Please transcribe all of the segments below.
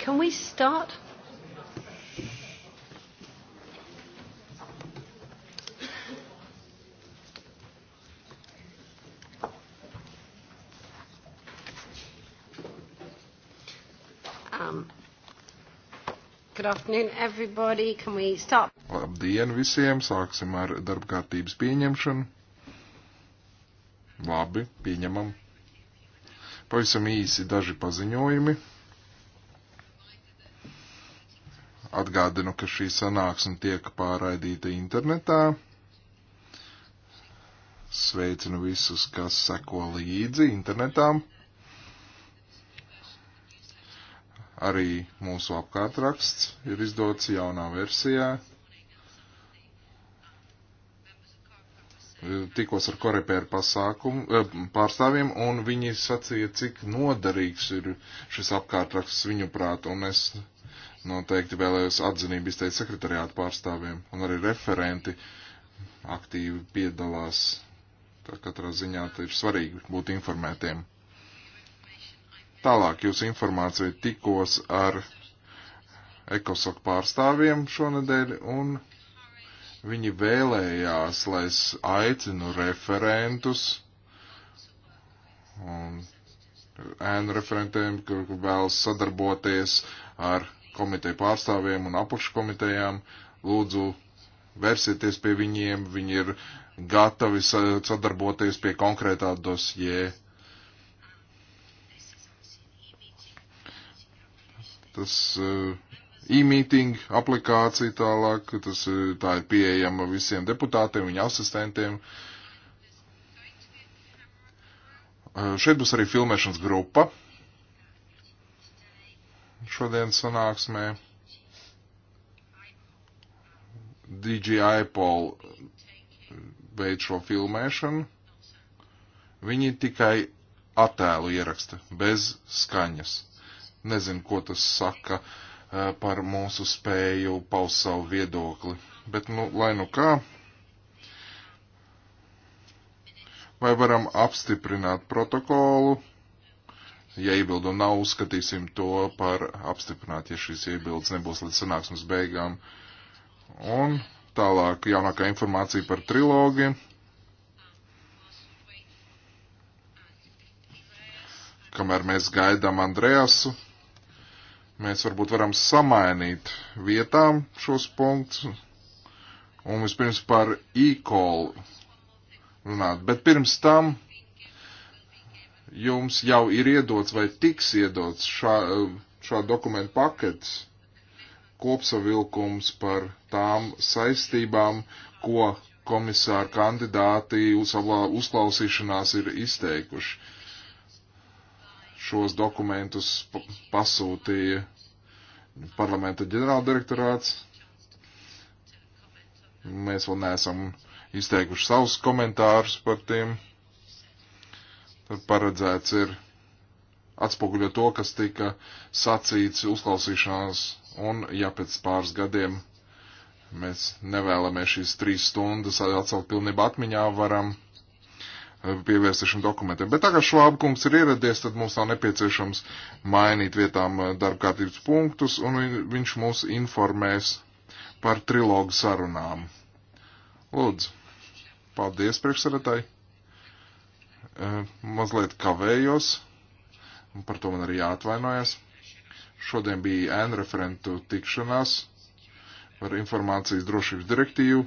Can we start? Um, good afternoon, everybody. Can we start? Labdien visiem! Sāksim ar darbkārtības pieņemšanu. Labi, pieņemam. Pavisam īsi daži paziņojumi. Atgādinu, ka šī sanāksme tiek pārraidīta internetā. Sveicinu visus, kas seko līdzi internetā. Arī mūsu apkārtraksts ir izdots jaunā versijā. tikos ar korepēru pasākumu eh, pārstāvjiem, un viņi sacīja, cik noderīgs ir šis apkārtraksts viņu prāt, un es Noteikti vēlējos atzinību izteikt sekretariātu pārstāvjiem un arī referenti aktīvi piedalās. Tā katrā ziņā ir svarīgi būt informētiem. Tālāk jūs informāciju tikos ar ekosok pārstāvjiem šonadēļ un viņi vēlējās, lai es aicinu referentus un ēnu referentiem, kur vēlas sadarboties ar komiteju pārstāvjiem un apakškomitejām. Lūdzu, versieties pie viņiem, viņi ir gatavi sadarboties pie konkrētā dosjē. Tas uh, e-meeting aplikācija tālāk, tas, eh, tā ir pieejama visiem deputātiem, viņa asistentiem. Uh, šeit būs arī filmēšanas grupa šodien sanāksmē. DJI Pol veids šo filmēšanu. Viņi tikai attēlu ieraksta, bez skaņas. Nezinu, ko tas saka eh, par mūsu spēju paust savu viedokli, bet, nu, lai nu kā, vai varam apstiprināt protokolu ja iebildumu nav, uzskatīsim to par apstiprināt, ja šīs iebildes nebūs līdz sanāksmes beigām. Un tālāk jaunākā informācija par trilogiem. Kamēr mēs gaidām Andreasu, mēs varbūt varam samainīt vietām šos punktus. Un vispirms par e-call runāt. Bet pirms tam jums jau ir iedots vai tiks iedots šā, šā dokumentu pakets kopsavilkums par tām saistībām, ko komisāra kandidāti uz savā uzklausīšanās ir izteikuši. Šos dokumentus pasūtīja parlamenta ģenerāldirektorāts. Mēs vēl neesam izteikuši savus komentārus par tiem. Tur paredzēts ir atspoguļo to, kas tika sacīts uzklausīšanās, un ja pēc pāris gadiem mēs nevēlamies šīs trīs stundas atsaukt pilnībā atmiņā, varam eh, pievērst šim dokumentam. Bet tagad švābkums ir ieradies, tad mums nav nepieciešams mainīt vietām eh, darbkārtības punktus, un viņš mūs informēs par trilogu sarunām. Lūdzu, paldies priekšsarētāji! mazliet kavējos, un par to man arī jāatvainojas. Šodien bija ēnu referentu tikšanās par informācijas drošības direktīvu,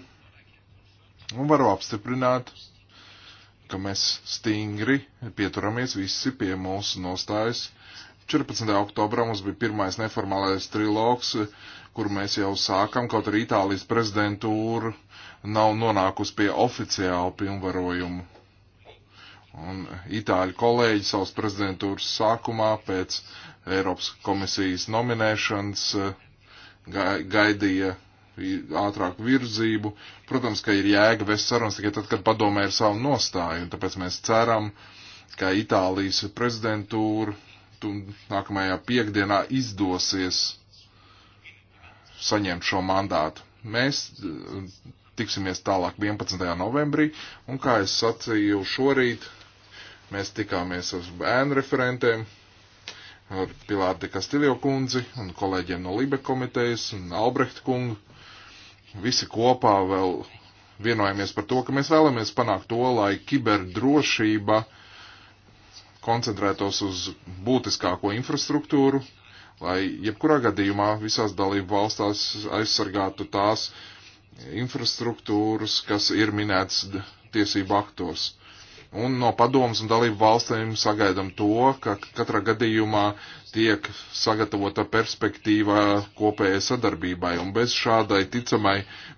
un varu apstiprināt, ka mēs stingri pieturamies visi pie mūsu nostājas. 14. oktobrā mums bija pirmais neformālais trilogs, kur mēs jau sākam, kaut arī Itālijas prezidentūra nav nonākusi pie oficiāla pilnvarojumu Un itāļu kolēģi savas prezidentūras sākumā pēc Eiropas komisijas nominēšanas eh, gaidīja ātrāku virzību. Protams, ka ir jēga vest sarunas tikai tad, kad padomē ir savu nostāju, un tāpēc mēs ceram, ka Itālijas prezidentūra nākamajā piekdienā izdosies saņemt šo mandātu. Mēs eh, tiksimies tālāk 11. novembrī, un kā es sacīju šorīt, Mēs tikāmies ar ēnu referentiem, ar Pilārdi Kastiljo kundzi un kolēģiem no Libe komitejas un Albrecht kungu. Visi kopā vēl vienojamies par to, ka mēs vēlamies panākt to, lai kiberdrošība koncentrētos uz būtiskāko infrastruktūru, lai jebkurā gadījumā visās dalību valstās aizsargātu tās infrastruktūras, kas ir minētas tiesību aktos. Un no padomas un dalību valstīm sagaidām to, ka katrā gadījumā tiek sagatavota perspektīva kopējai sadarbībai, un bez šādai ticamai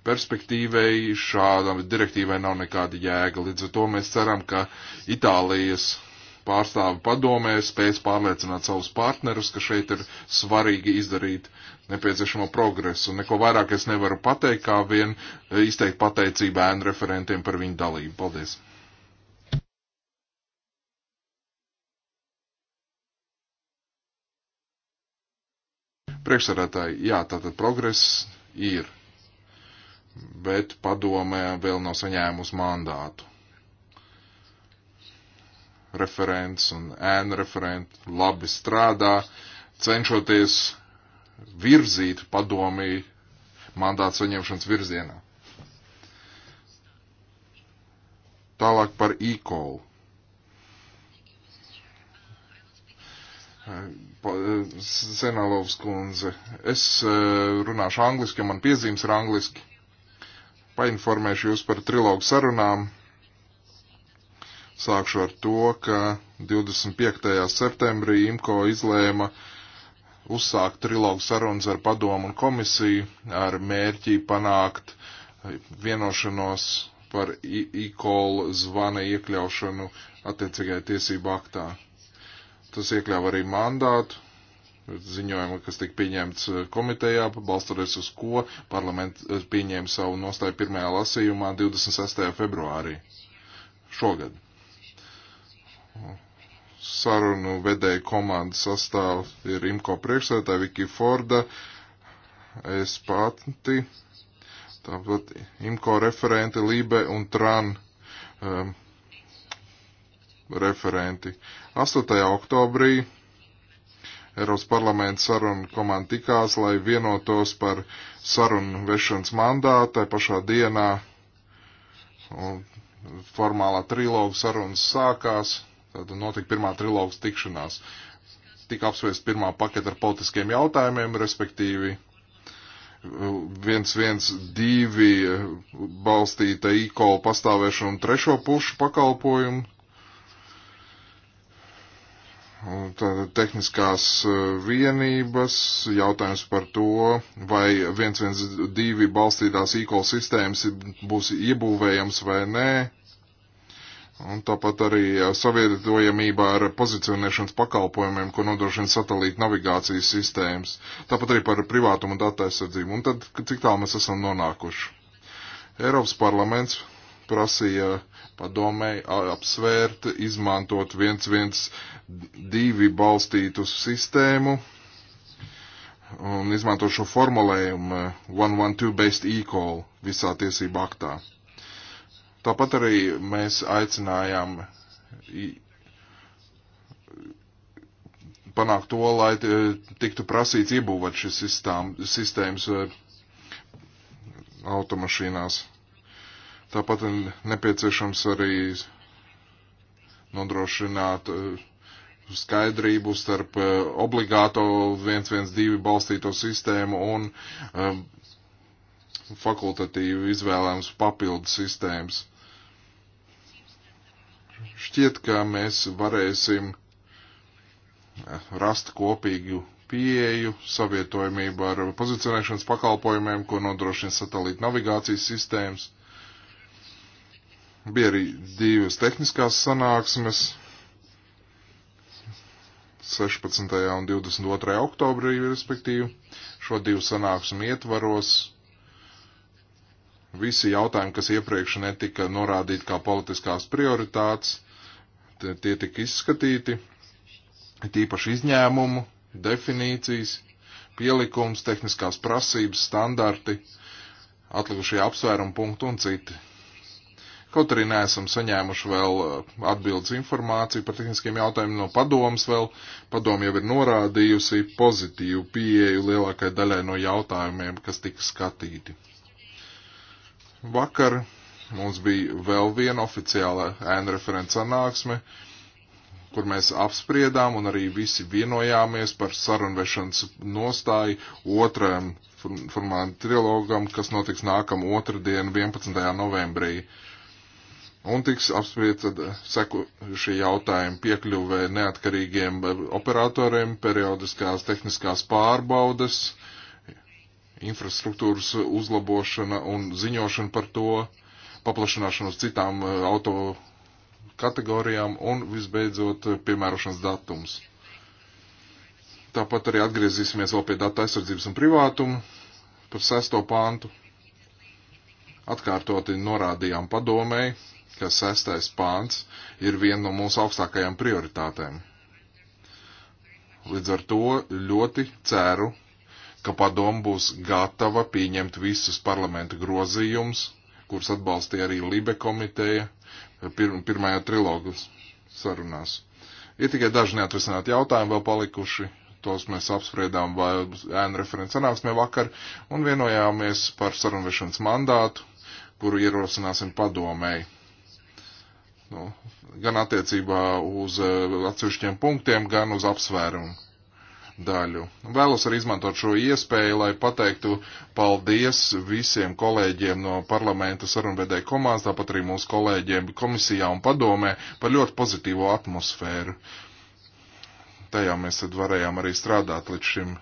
perspektīvai šādam direktīvai nav nekāda jēga. Līdz ar to mēs ceram, ka Itālijas pārstāvi padomē spēs pārliecināt savus partnerus, ka šeit ir svarīgi izdarīt nepieciešamo progresu. Neko vairāk es nevaru pateikt, kā vien izteikt pateicību ēnu referentiem par viņu dalību. Paldies! Priekšsarētāji, jā, tātad progress ir, bet padomē vēl nav saņēmusi mandātu. Referents un ēna referenti labi strādā, cenšoties virzīt padomi mandātu saņemšanas virzienā. Tālāk par e-call. Senalovs kundze. Es e, runāšu angliski, jo man piezīmes ir angliski. Painformēšu jūs par trilogu sarunām. Sākšu ar to, ka 25. septembrī IMCO izlēma uzsākt trilogu sarunas ar padomu un komisiju ar mērķi panākt vienošanos par e-call zvana iekļaušanu attiecīgajā tiesību aktā. Tas iekļāva arī mandātu ziņojumu, kas tika pieņemts eh, komitejā, balstoties uz ko parlaments eh, pieņēma savu nostāju pirmajā lasījumā 26. februārī šogad. Sarunu vedēju komandas sastāv ir Imko priekšsētāja Viki Forda, es pati, tāpat Imko referenti Lībe un Tran. Um, referenti. 8. oktobrī Eiropas parlamenta saruna komanda tikās, lai vienotos par sarunu vešanas mandātu tajā pašā dienā. Un formālā trilogu sarunas sākās, tad notika pirmā trilogu tikšanās. Tika apsvērst pirmā paketa ar politiskiem jautājumiem, respektīvi 112 balstīta e-kola pastāvēšana un trešo pušu pakalpojumu Tātad tehniskās eh, vienības, jautājums par to, vai 112 balstītās e-call sistēmas būs iebūvējams vai nē. Un tāpat arī eh, savietojamība ar pozicionēšanas pakalpojumiem, ko nodrošina satelīta navigācijas sistēmas. Tāpat arī par privātumu un datu aizsardzību. Un tad, cik tālu mēs esam nonākuši? Eiropas parlaments prasīja padomēji apsvērt, izmantot 112 balstītu sistēmu un izmantot šo formulējumu 112 based e-call visā tiesību aktā. Tāpat arī mēs aicinājām panākt to, lai tiktu prasīts iebūvēt šis sistēmas e, automašīnās. Tāpat ir nepieciešams arī nodrošināt eh, skaidrību starp eh, obligāto 112 balstīto sistēmu un eh, fakultatīvi izvēlēmas papildu sistēmas. Šķiet, ka mēs varēsim rast kopīgu pieeju savietojumību ar pozicionēšanas pakalpojumiem, ko nodrošina satelīta navigācijas sistēmas. Bija arī divas tehniskās sanāksmes. 16. un 22. oktobrī, respektīvi, šo divu sanāksmu ietvaros visi jautājumi, kas iepriekš netika norādīti kā politiskās prioritātes, tie tika izskatīti, tīpaši izņēmumu, definīcijas, pielikums, tehniskās prasības, standarti, atlikušie apsvērumu punktu un citi. Kaut arī neesam saņēmuši vēl uh, atbildes informāciju par tehniskiem jautājumiem no padomas vēl. Padoma jau ir norādījusi pozitīvu pieeju lielākai daļai no jautājumiem, kas tika skatīti. Vakar mums bija vēl viena oficiāla ēna referents sanāksme, kur mēs apspriedām un arī visi vienojāmies par sarunvešanas nostāju otrajam formātam trilogam, kas notiks nākamā otrdiena 11. novembrī. Uh, un tiks apspriesta eh, sekošie jautājumi piekļuvē neatkarīgiem eh, operatoriem, periodiskās tehniskās pārbaudes, infrastruktūras uzlabošana un ziņošana par to, paplašināšana uz citām eh, auto kategorijām un visbeidzot piemērošanas datums. Tāpat arī atgriezīsimies vēl pie datu aizsardzības un privātuma par sesto pāntu. Atkārtoti norādījām padomēji, ka sestais pāns ir viena no mūsu augstākajām prioritātēm. Līdz ar to ļoti ceru, ka padomu būs gatava pieņemt visus parlamenta grozījumus, kurus atbalstīja arī Libe komiteja pir pirmajā trilogu sarunās. Ir tikai daži neatrisināti jautājumi vēl palikuši, tos mēs apspriedām ēnu referents sanāksmē vakar un vienojāmies par sarunvešanas mandātu, kuru ierosināsim padomēji Nu, gan attiecībā uz eh, atsevišķiem punktiem, gan uz apsvērumu daļu. Vēlos arī izmantot šo iespēju, lai pateiktu paldies visiem kolēģiem no parlamenta sarunvedēja komandas, tāpat arī mūsu kolēģiem komisijā un padomē par ļoti pozitīvo atmosfēru. Tajā mēs tad varējām arī strādāt līdz šim.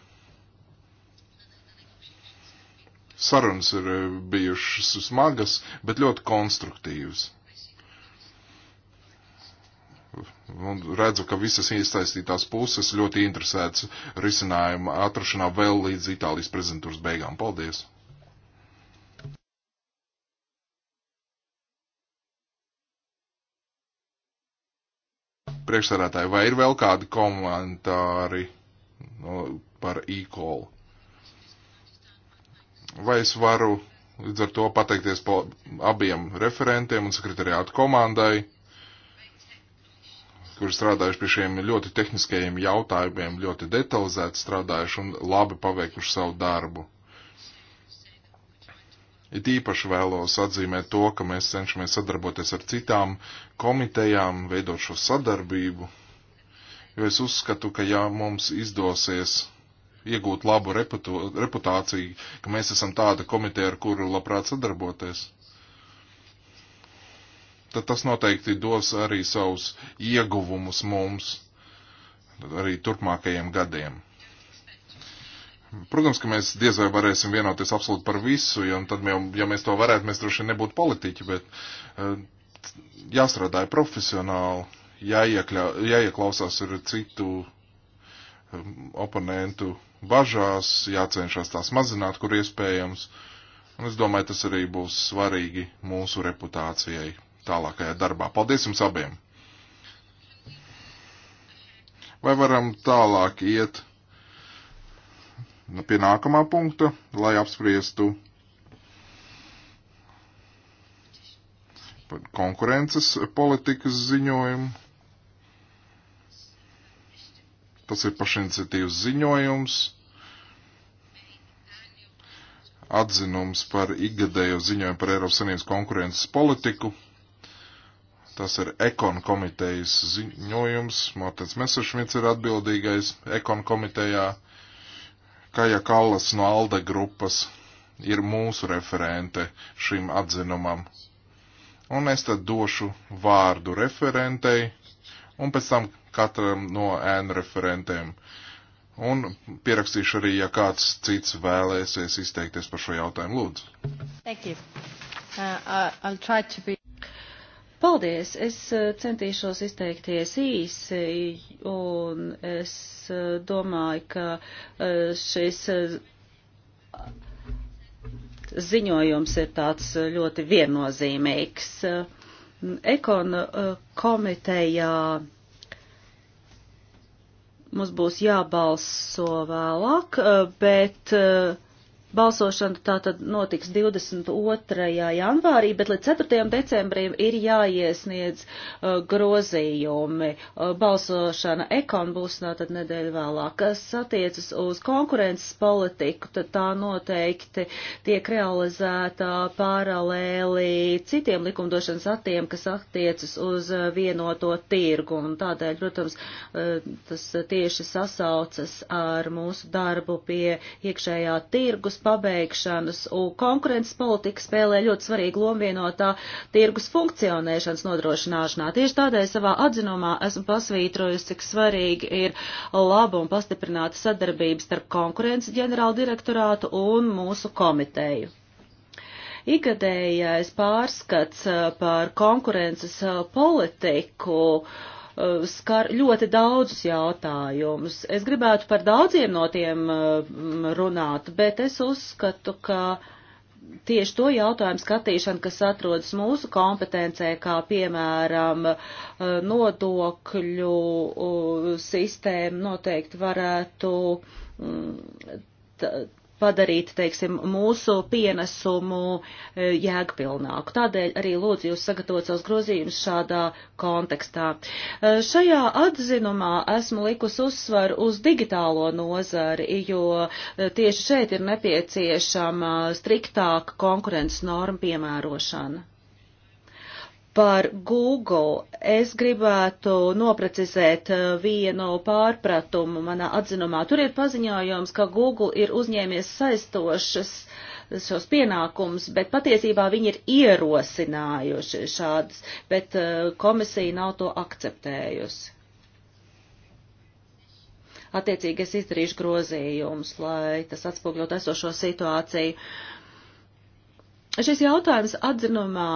Sarunas ir eh, bijušas smagas, bet ļoti konstruktīvas. Un nu, redzu, ka visas iesaistītās puses ļoti interesētas risinājuma atrašanā vēl līdz Itālijas prezidentūras beigām. Paldies! Priekšsarētāji, vai ir vēl kādi komentāri no, nu, par e-call? Vai es varu līdz ar to pateikties abiem referentiem un sekretariātu komandai? kuri strādājuši pie šiem ļoti tehniskajiem jautājumiem, ļoti detalizēti strādājuši un labi paveikuši savu darbu. It īpaši vēlos atzīmēt to, ka mēs cenšamies sadarboties ar citām komitejām, veidot šo sadarbību, jo es uzskatu, ka ja mums izdosies iegūt labu reputu, reputāciju, ka mēs esam tāda komiteja, ar kuru labprāt sadarboties, tad tas noteikti dos arī savus ieguvumus mums arī turpmākajiem gadiem. Protams, ka mēs diez vai varēsim vienoties absolūti par visu, jo tad, jau, ja mēs to varētu, mēs droši vien nebūtu politiķi, bet uh, jāstrādā profesionāli, jāiekļa, jāieklausās ir citu um, oponentu bažās, jācenšas tās mazināt, kur iespējams. Un es domāju, tas arī būs svarīgi mūsu reputācijai tālākajā darbā. Paldies jums abiem! Vai varam tālāk iet pie nākamā punkta, lai apspriestu konkurences politikas ziņojumu? Tas ir pašiniciatīvas ziņojums atzinums par ikgadējo ziņojumu par Eiropas Savienības konkurences politiku. Tas ir ekon komitejas ziņojums. Mārtiņš Mesešmits ir atbildīgais ekon komitejā. Kaja Kallas no Alde grupas ir mūsu referente šim atzinumam. Un es tad došu vārdu referentei un pēc tam katram no ēnu referentiem. Un pierakstīšu arī, ja kāds cits vēlēsies izteikties par šo jautājumu. Lūdzu. Thank you. Uh, I'll try to be... Paldies! Es eh, centīšos izteikties īsi, un es eh, domāju, ka eh, šis ziņojums ir tāds ļoti viennozīmīgs. Ekon komitejā mums būs jābalso vēlāk, bet uh, Balsošana tātad notiks 22. janvārī, bet līdz 4. decembrim ir jāiesniedz uh, grozījumi. Uh, balsošana ekon būs tātad nedēļa vēlāk. Kas attiecas uz konkurences politiku, tad tā noteikti tiek realizēta paralēli citiem likumdošanas attiem, kas attiecas uz uh, vienoto tirgu. Un tādēļ, protams, uh, tas tieši sasaucas ar mūsu darbu pie iekšējā tirgus pabeigšanas, un konkurences politika spēlē ļoti svarīgu lomu vienotā tirgus funkcionēšanas nodrošināšanā. Tieši tādēļ savā atzinumā esmu pasvītrojusi, cik svarīgi ir laba un pastiprināta sadarbības starp konkurences ģenerāla direktorātu un mūsu komiteju. Ikgadējais pārskats eh, par konkurences eh, politiku uh, Eh, skar ļoti daudzus jautājumus. Es gribētu par daudziem no tiem eh, runāt, bet es uzskatu, ka tieši to jautājumu skatīšana, kas atrodas mūsu kompetencē, kā piemēram eh, nodokļu sistēma, noteikti varētu mm, padarīt, teiksim, mūsu pienesumu e, jēgpilnāku. Tādēļ arī lūdzu jūs sagatavot savus grozījumus šādā kontekstā. E, šajā atzinumā esmu likus uzsvaru uz digitālo nozari, jo e, tieši šeit ir nepieciešama striktāka konkurences norma piemērošana. Par Google es gribētu noprecizēt eh, vienu pārpratumu manā atzinumā. Tur ir paziņojums, ka Google ir uzņēmies saistošas šos pienākumus, bet patiesībā viņi ir ierosinājuši šādas, bet eh, komisija nav to akceptējusi. Attiecīgi es izdarīšu grozījumus, lai tas atspūgļot esošo situāciju. Šis jautājums atzinumā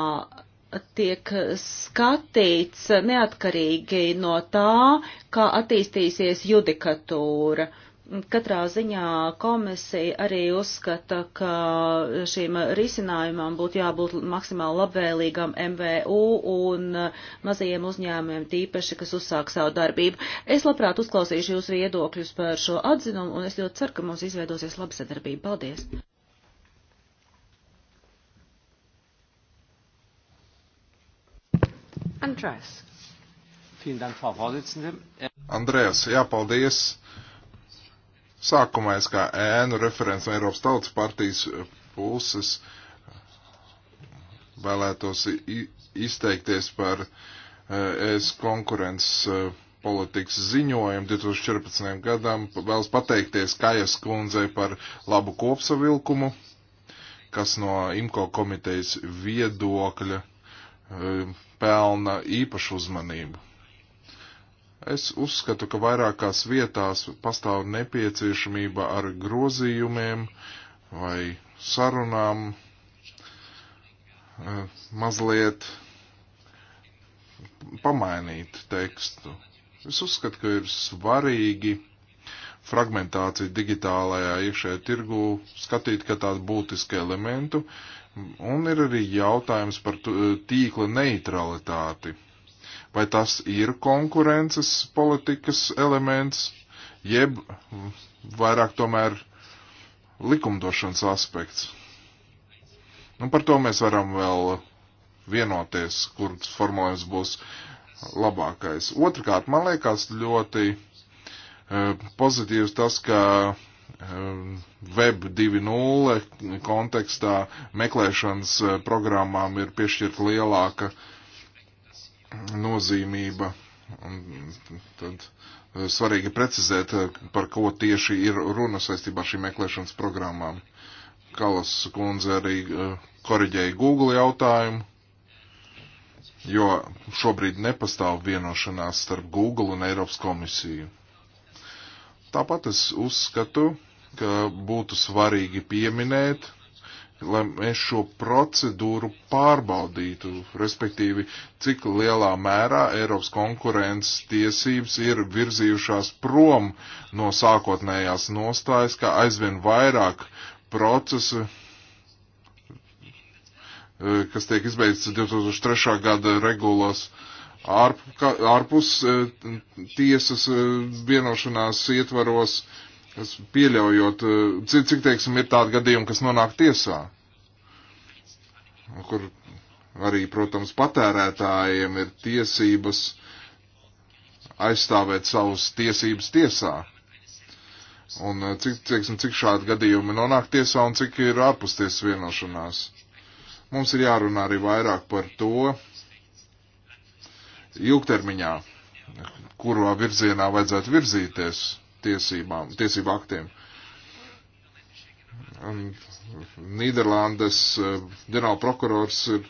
tiek skatīts neatkarīgi no tā, kā attīstīsies judikatūra. Katrā ziņā komisija arī uzskata, ka šīm risinājumam būtu jābūt maksimāli labvēlīgam MVU un mazajiem uzņēmumiem tīpaši, kas uzsāk savu darbību. Es labprāt uzklausīšu jūsu viedokļus par šo atzinumu un es ļoti ceru, ka mums izveidosies laba sadarbība. Paldies! Andreas. Andrejas, jāpaldies. Sākumā es kā ēnu referents no Eiropas Tautas partijas puses vēlētos izteikties par eh, es konkurences eh, politikas ziņojumu 2014. gadam. Vēlos pateikties Kajas kundzei par labu kopsavilkumu, kas no IMCO komitejas viedokļa Um, pelna īpašu uzmanību. Es uzskatu, ka vairākās vietās pastāv nepieciešamība ar grozījumiem vai sarunām uh, mazliet pamainīt tekstu. Es uzskatu, ka ir svarīgi fragmentāciju digitālajā iekšējā tirgu skatīt kā tādu būtisku elementu, Un ir arī jautājums par eh, tīkla neutralitāti. Vai tas ir konkurences politikas elements, jeb vairāk tomēr likumdošanas aspekts? Un nu, par to mēs varam vēl vienoties, kurš formulējums būs labākais. Otrkārt, man liekas ļoti eh, pozitīvs tas, ka Ehm, Web 2.0 kontekstā meklēšanas eh, programmām ir piešķirta lielāka nozīmība. Un tad eh, svarīgi precizēt, eh, par ko tieši ir runa saistībā ar šīm meklēšanas programmām. Kalas kundze arī koriģēja Google jautājumu, jo šobrīd nepastāv vienošanās starp Google un Eiropas komisiju. Tāpat es uzskatu, ka būtu svarīgi pieminēt, lai mēs šo procedūru pārbaudītu, respektīvi, cik lielā mērā Eiropas konkurences tiesības ir virzījušās prom no sākotnējās nostājas, kā aizvien vairāk procesu eh, kas tiek izbeigts 2003. gada regulas ārpus e, tiesas e, vienošanās ietvaros, pieļaujot, e, cik, cik teiksim, ir tādi gadījumi, kas nonāk tiesā, kur arī, protams, patērētājiem ir tiesības aizstāvēt savus tiesības tiesā. Un cik, teiksim, cik šādi gadījumi nonāk tiesā un cik ir ārpus tiesas vienošanās. Mums ir jārunā arī vairāk par to, ilgtermiņā, kurā virzienā vajadzētu virzīties tiesībām, tiesību aktiem. Nīderlandes eh, ģenerāla prokurors ir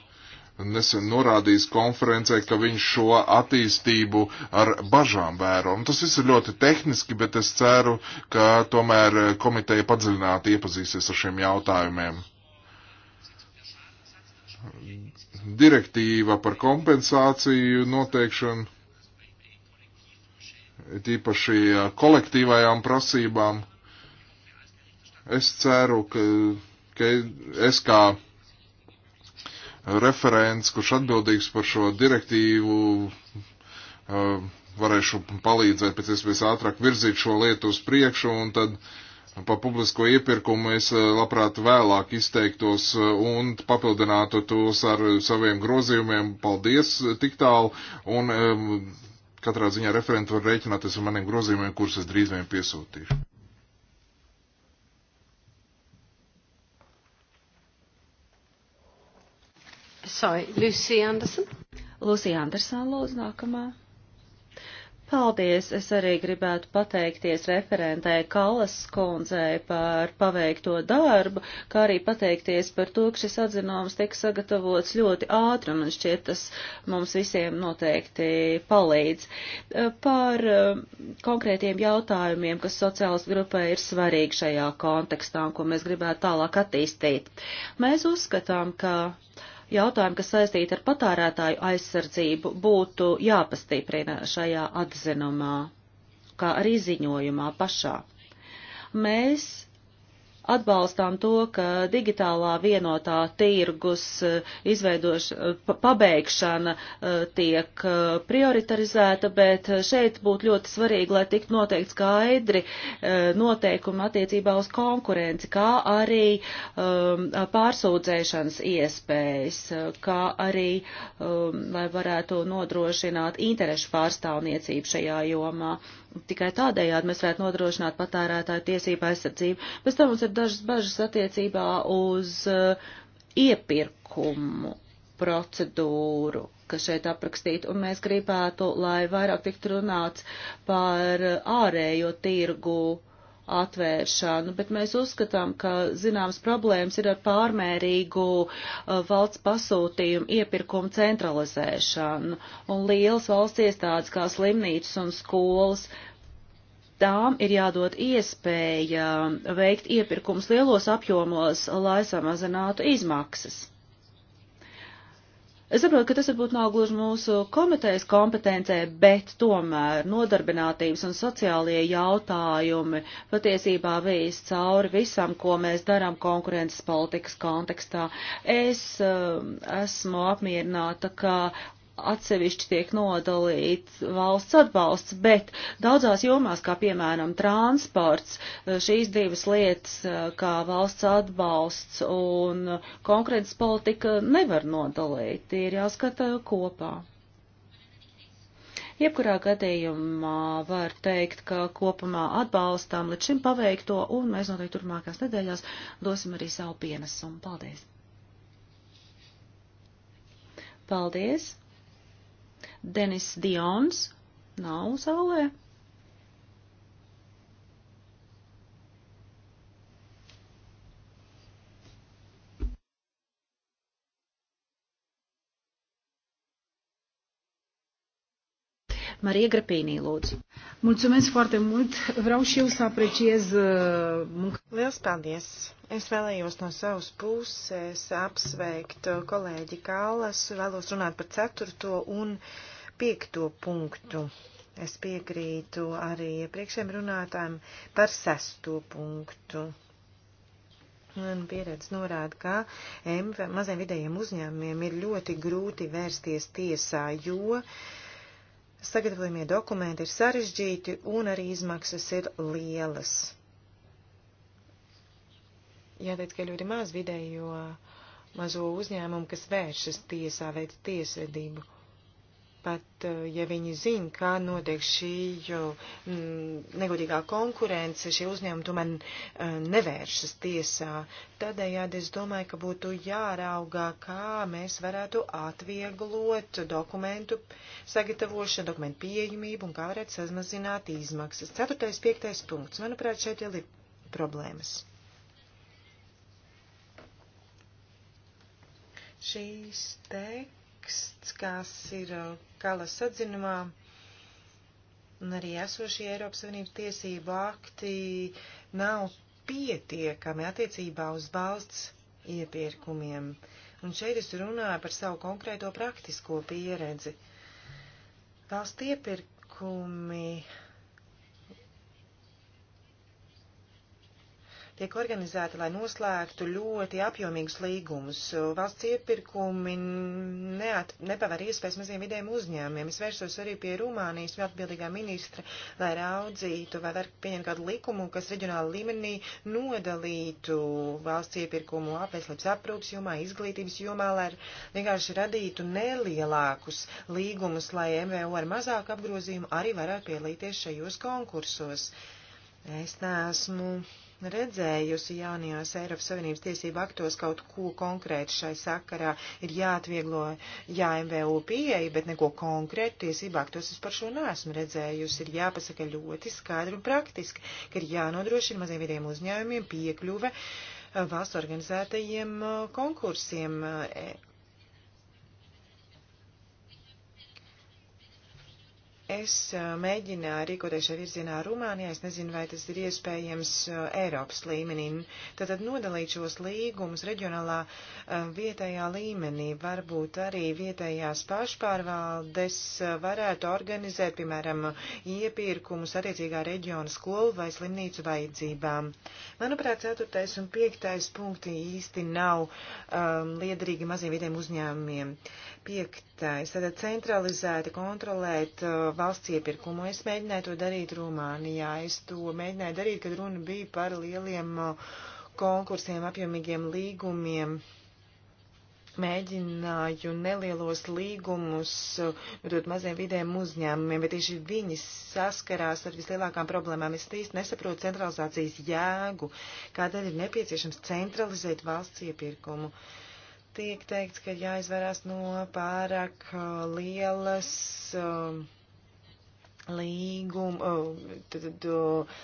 nesen norādījis konferencē, ka viņš šo attīstību ar bažām vēro. Un tas viss ir ļoti tehniski, bet es ceru, ka tomēr eh, komiteja padziļināti iepazīsies ar šiem jautājumiem direktīva par kompensāciju noteikšanu, tīpaši kolektīvajām prasībām. Es ceru, ka, ka es kā referents, kurš atbildīgs par šo direktīvu, eh, varēšu palīdzēt pēc iespējas ātrāk virzīt šo lietu uz priekšu un tad uh, Par publisko iepirkumu es eh, labprāt vēlāk izteiktos eh, un papildinātu tos ar saviem grozījumiem. Paldies eh, tik tālu un um, katrā ziņā referenti var rēķināties ar maniem grozījumiem, kurus es drīz vien piesūtīšu. Sorry, Lucy Anderson. Lucy Anderson, lūdzu, nākamā. Paldies! Es arī gribētu pateikties referentē Kalas kundzei par paveikto darbu, kā arī pateikties par to, ka šis atzinums tiek sagatavots ļoti ātri, un man šķiet tas mums visiem noteikti palīdz. Par um, konkrētiem jautājumiem, kas sociālas grupai ir svarīgi šajā kontekstā un ko mēs gribētu tālāk attīstīt. Mēs uzskatām, ka jautājumi, kas saistīti ar patārētāju aizsardzību, būtu jāpastiprina šajā atzinumā, kā arī ziņojumā pašā. Mēs atbalstām to, ka digitālā vienotā tirgus eh, izveidoš, eh, pabeigšana eh, tiek prioritarizēta, bet šeit būtu ļoti svarīgi, lai tiktu noteikti skaidri noteikumi attiecībā uz konkurenci, kā arī um, pārsūdzēšanas iespējas, kā arī, um, lai varētu nodrošināt interešu pārstāvniecību šajā jomā. Tikai tādējādi mēs varētu nodrošināt patērētāju tiesību aizsardzību. Pēc tam mums ir dažas bažas attiecībā uz uh, iepirkumu procedūru, kas šeit aprakstīta, un mēs gribētu, lai vairāk tiktu runāts par uh, ārējo tirgu atvēršanu, bet mēs uzskatām, ka zināmas problēmas ir ar pārmērīgu uh, valsts pasūtījumu iepirkumu centralizēšanu un lielas valsts iestādes kā slimnīcas un skolas. Tām ir jādod iespēja veikt iepirkums lielos apjomos, lai samazinātu izmaksas. Es saprotu, ka tas varbūt nav gluži mūsu komitejas kompetencē, bet tomēr nodarbinātības un sociālie jautājumi patiesībā vīs cauri visam, ko mēs darām konkurences politikas kontekstā. Es uh, esmu apmierināta, ka atsevišķi tiek nodalīts valsts atbalsts, bet daudzās jomās, kā piemēram transports, šīs divas lietas, kā valsts atbalsts un konkrētas politika, nevar nodalīt. Tie ir jāskata kopā. Jebkurā gadījumā var teikt, ka kopumā atbalstām līdz šim paveikto, un mēs noteikti turpmākās nedēļās dosim arī savu pienesumu. Paldies! Paldies! Denis Dions nav zālē. Maria Grapini, lūdzu. Mulțumesc foarte mult. Vreau și eu să apreciez uh, munca. Liels paldies! Es vēlējos no savas puses apsveikt uh, kolēģi Kālas, vēlos runāt par ceturto un uh, piekto punktu. Es piekrītu arī priekšējiem runātājiem par sesto punktu. Man pieredze norāda, ka MV, maziem vidējiem uzņēmumiem ir ļoti grūti vērsties tiesā, jo sagatavojumie dokumenti ir sarežģīti un arī izmaksas ir lielas. Jāteic, ka ļoti maz vidējo mazo uzņēmumu, kas vēršas tiesā veic tiesvedību pat eh, ja viņi zina, kā notiek šī mm, negodīgā konkurence, šie uzņēmumi tomēr eh, nevēršas tiesā. Tādējādi es domāju, ka būtu jāraugā, kā mēs varētu atvieglot dokumentu sagatavošanu, dokumentu pieejamību un kā varētu samazināt izmaksas. Ceturtais, piektais punkts. Manuprāt, šeit jau ir problēmas. Šīs te teksts, kas ir uh, kalas atzinumā, un arī esošie Eiropas Savienības tiesību akti nav pietiekami attiecībā uz valsts iepirkumiem. Un šeit es runāju par savu konkrēto praktisko pieredzi. Valsts iepirkumi tiek organizēti, lai noslēgtu ļoti apjomīgus līgumus. Valsts iepirkumi neat, nepavar iespējas maziem vidiem uzņēmumiem. Es vērsos arī pie Rumānijas atbildīgā ministra, lai raudzītu, vai var pieņemt kādu likumu, kas reģionāla līmenī nodalītu valsts iepirkumu apveselības aprūpas jomā, izglītības jomā, lai vienkārši radītu nelielākus līgumus, lai MVO ar mazāku apgrozījumu arī varētu piedalīties šajos konkursos. Uh, Es neesmu redzējusi jaunajos Eiropas Savienības tiesību aktos kaut ko konkrētu šai sakarā. Ir jāatvieglo jāMVU pieeja, bet neko konkrētu tiesību aktos es par šo neesmu redzējusi. Ir jāpasaka ļoti skaidri un praktiski, ka ir jānodrošina maziem vidiem uzņēmumiem piekļuve eh, valsts organizētajiem eh, konkursiem eh, Es mēģināju rīkoties šajā virzienā Rumānijā, es nezinu, vai tas ir iespējams Eiropas līmenī. Tātad nodalīt šos līgumus reģionālā vietējā līmenī, varbūt arī vietējās pašpārvaldes varētu organizēt, piemēram, iepirkumus attiecīgā reģiona skolu vai slimnīcu vajadzībām. Manuprāt, 4. un 5. punkti īsti nav um, liederīgi maziem vidiem uzņēmumiem. 5. Tātad centralizēti kontrolēt uh, valsts iepirkumu. Es mēģināju to darīt Rumānijā. Es to mēģināju darīt, kad runa bija par lieliem uh, konkursiem, apjomīgiem līgumiem. Mēģināju nelielos līgumus uh, dot maziem vidējiem uzņēmumiem, bet tieši viņi saskarās ar vislielākām problēmām. Es īsti nesaprotu centralizācijas jēgu, kādēļ ir nepieciešams centralizēt valsts iepirkumu. Uh, tiek teikts, ka jāizvērās no pārāk uh, lielas um, līgumu, uh, tad, tad uh,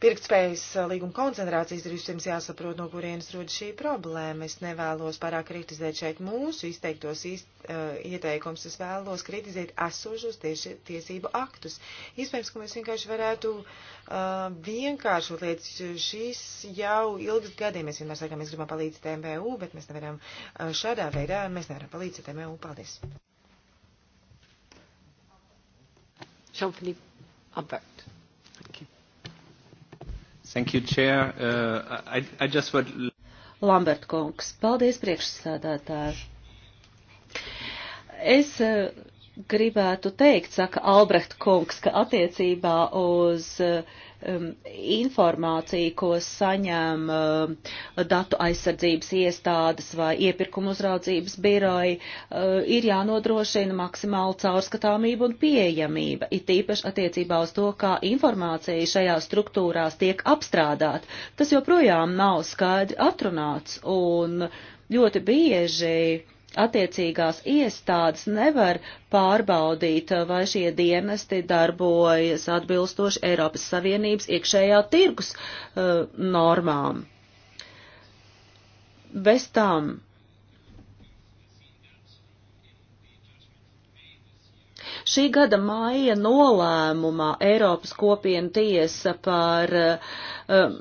pirktspējas uh, līguma koncentrācijas ir vispirms jāsaprot, no kurienes rodas šī problēma. Es nevēlos pārāk kritizēt šeit mūsu izteiktos izt, uh, ieteikums, es vēlos kritizēt esošos tieši tiesību aktus. Iespējams, ka mēs vienkārši varētu uh, vienkāršot lietas. Šīs jau ilgas gadiem mēs vienmēr sakām, mēs gribam palīdzēt MVU, bet mēs nevaram uh, šādā veidā, mēs nevaram palīdzēt MVU. Paldies! Jean-Philippe Albert. Thank you. Thank you, Chair. Uh, I, I just would... Lambert kungs, paldies priekšsādātāju. Es uh, gribētu teikt, saka Albrecht kungs, ka attiecībā uz uh, um, informācija, ko saņem um, datu aizsardzības iestādes vai iepirkuma uzraudzības biroji, uh, ir jānodrošina maksimāla caurskatāmība un pieejamība, it īpaši attiecībā uz to, kā informācija šajās struktūrās tiek apstrādāt. Tas joprojām nav skaidri atrunāts un ļoti bieži attiecīgās iestādes nevar pārbaudīt, eh, vai šie dienesti darbojas atbilstoši Eiropas Savienības iekšējā tirgus uh, normām. Bez tām Šī gada māja nolēmumā Eiropas kopiena tiesa par um,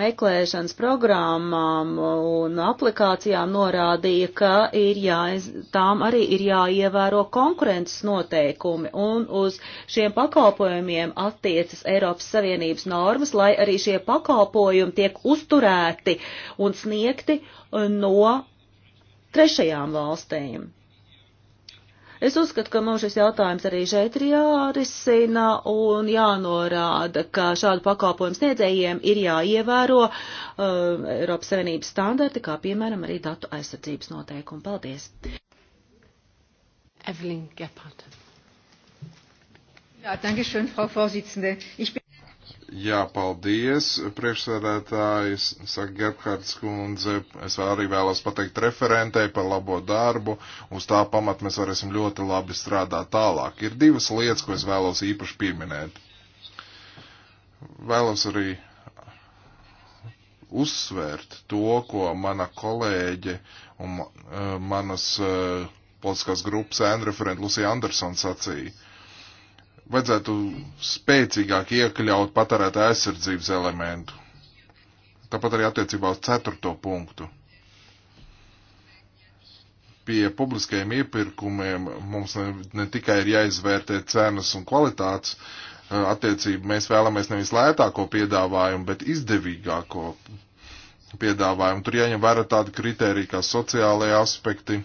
meklēšanas programmām un aplikācijām norādīja, ka ir jāiz, tām arī ir jāievēro konkurences noteikumi un uz šiem pakalpojumiem attiecas Eiropas Savienības normas, lai arī šie pakalpojumi tiek uzturēti un sniegti no trešajām valstīm. Es uzskatu, ka mums šis jautājums arī šeit ir jārisina un jānorāda, ka šādu pakalpojumu sniedzējiem ir jāievēro uh, Eiropas Savienības standarti, kā piemēram arī datu aizsardzības noteikumi. Paldies! Evelyn Gephardt. Ja, danke schön, Frau Vorsitzende. Ich bin Jā, paldies, priekšsēdētājs, saka Gerhards kundze. Es vēl arī vēlos pateikt referentei par labo darbu. Uz tā pamat mēs varēsim ļoti labi strādāt tālāk. Ir divas lietas, ko es vēlos īpaši pieminēt. Vēlos arī uzsvērt to, ko mana kolēģe un eh, manas eh, politiskās grupas ēnreferenta Lucija Andersona sacīja vajadzētu spēcīgāk iekļaut patērētā aizsardzības elementu. Tāpat arī attiecībā uz ceturto punktu. Pie publiskajiem iepirkumiem mums ne, ne tikai ir jāizvērtē cenas un kvalitātes attiecība, mēs vēlamies nevis lētāko piedāvājumu, bet izdevīgāko piedāvājumu. Tur jāņem vērā tādi kriteriji kā sociālajie aspekti,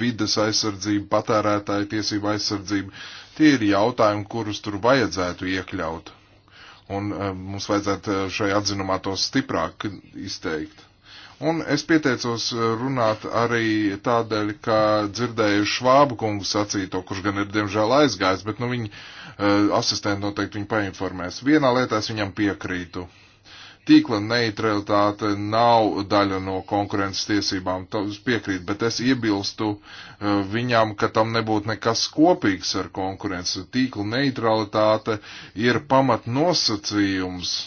vides aizsardzība, patērētāja tiesība aizsardzība, Tie ir jautājumi, kurus tur vajadzētu iekļaut. Un eh, mums vajadzētu eh, šai atzinumā tos stiprāk izteikt. Un es pieteicos eh, runāt arī tādēļ, ka dzirdēju Švābu kungu sacīto, kurš gan ir diemžēl aizgājis, bet nu viņa uh, asistenti noteikti viņu painformēs. Vienā lietā es viņam piekrītu. Uh, Tīkla neutralitāte nav daļa no konkurences tiesībām, tas piekrīt, bet es iebilstu uh, viņam, ka tam nebūtu nekas kopīgs ar konkurences. Tīkla neutralitāte ir pamatnosacījums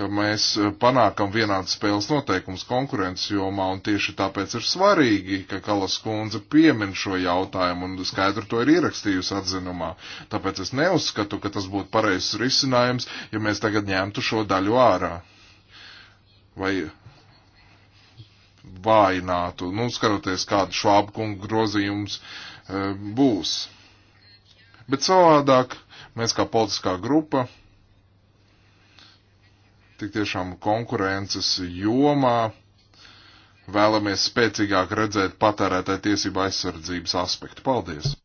ka mēs e, panākam vienādas spēles noteikums konkurences jomā, un tieši tāpēc ir svarīgi, ka Kalas kundze piemin šo jautājumu un skaidri to ir ierakstījusi atzinumā. Tāpēc es neuzskatu, ka tas būtu pareizs risinājums, ja mēs tagad ņemtu šo daļu ārā. Vai vājinātu, nu, skatoties, kāda švāba kunga grozījums e, būs. Bet savādāk mēs kā politiskā grupa tik tiešām konkurences jomā vēlamies spēcīgāk redzēt patērētāju tiesību aizsardzības aspektu. Paldies!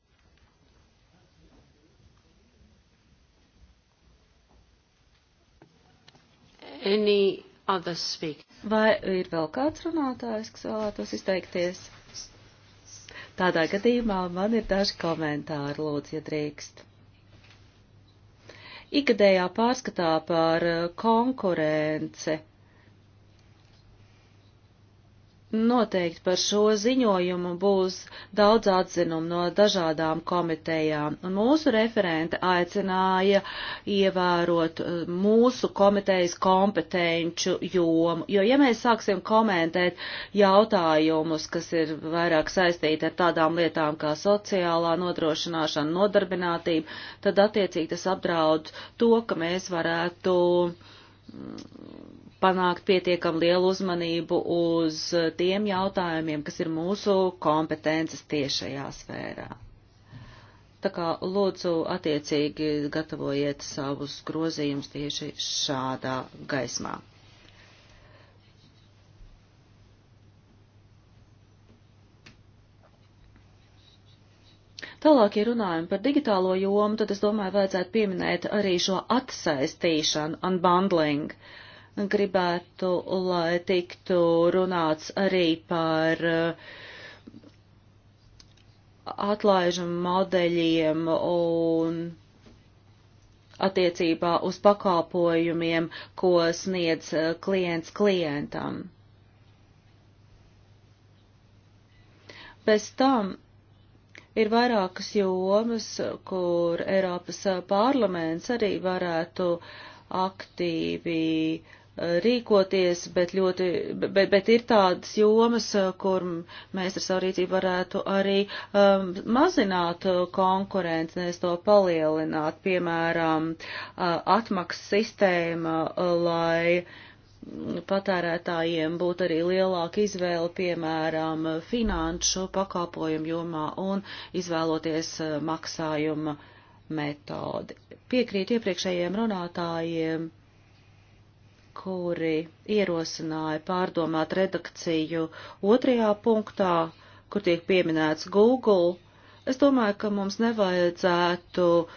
Vai ir vēl kāds runātājs, kas vēlētos izteikties? Tādā gadījumā man ir daži komentāri, lūdzu, ja drīkst ikgadējā pārskatā par eh, konkurence Noteikti par šo ziņojumu būs daudz atzinumu no dažādām komitejām, un mūsu referente aicināja ievērot uh, mūsu komitejas kompetenču jomu, jo ja mēs sāksim komentēt jautājumus, kas ir vairāk saistīti ar tādām lietām kā sociālā nodrošināšana, nodarbinātība, tad attiecīgi tas apdraud to, ka mēs varētu mm, panākt pietiekam lielu uzmanību uz tiem jautājumiem, kas ir mūsu kompetences tiešajā sfērā. Tā kā lūdzu attiecīgi gatavojiet savus grozījumus tieši šādā gaismā. Tālāk, ja runājam par digitālo jomu, tad es domāju, vajadzētu pieminēt arī šo atsaistīšanu, unbundling. Uh, gribētu, lai tiktu runāts arī par uh, atlaižu modeļiem un attiecībā uz pakalpojumiem, ko sniedz uh, klients klientam. Bez tam ir vairākas jomas, kur Eiropas uh, parlaments arī varētu aktīvi uh, rīkoties, bet, ļoti, bet, bet ir tādas jomas, eh, kur mēs ar savu rīcību varētu arī um, mazināt eh, konkurenci, nevis to palielināt, piemēram, atmaksas sistēma, lai patērētājiem būtu arī lielāka izvēle, piemēram, finanšu pakāpojumu jomā un izvēloties maksājuma metodi. Piekrīt iepriekšējiem runātājiem kuri ierosināja pārdomāt redakciju otrajā punktā, kur tiek pieminēts Google. Es domāju, ka mums nevajadzētu eh,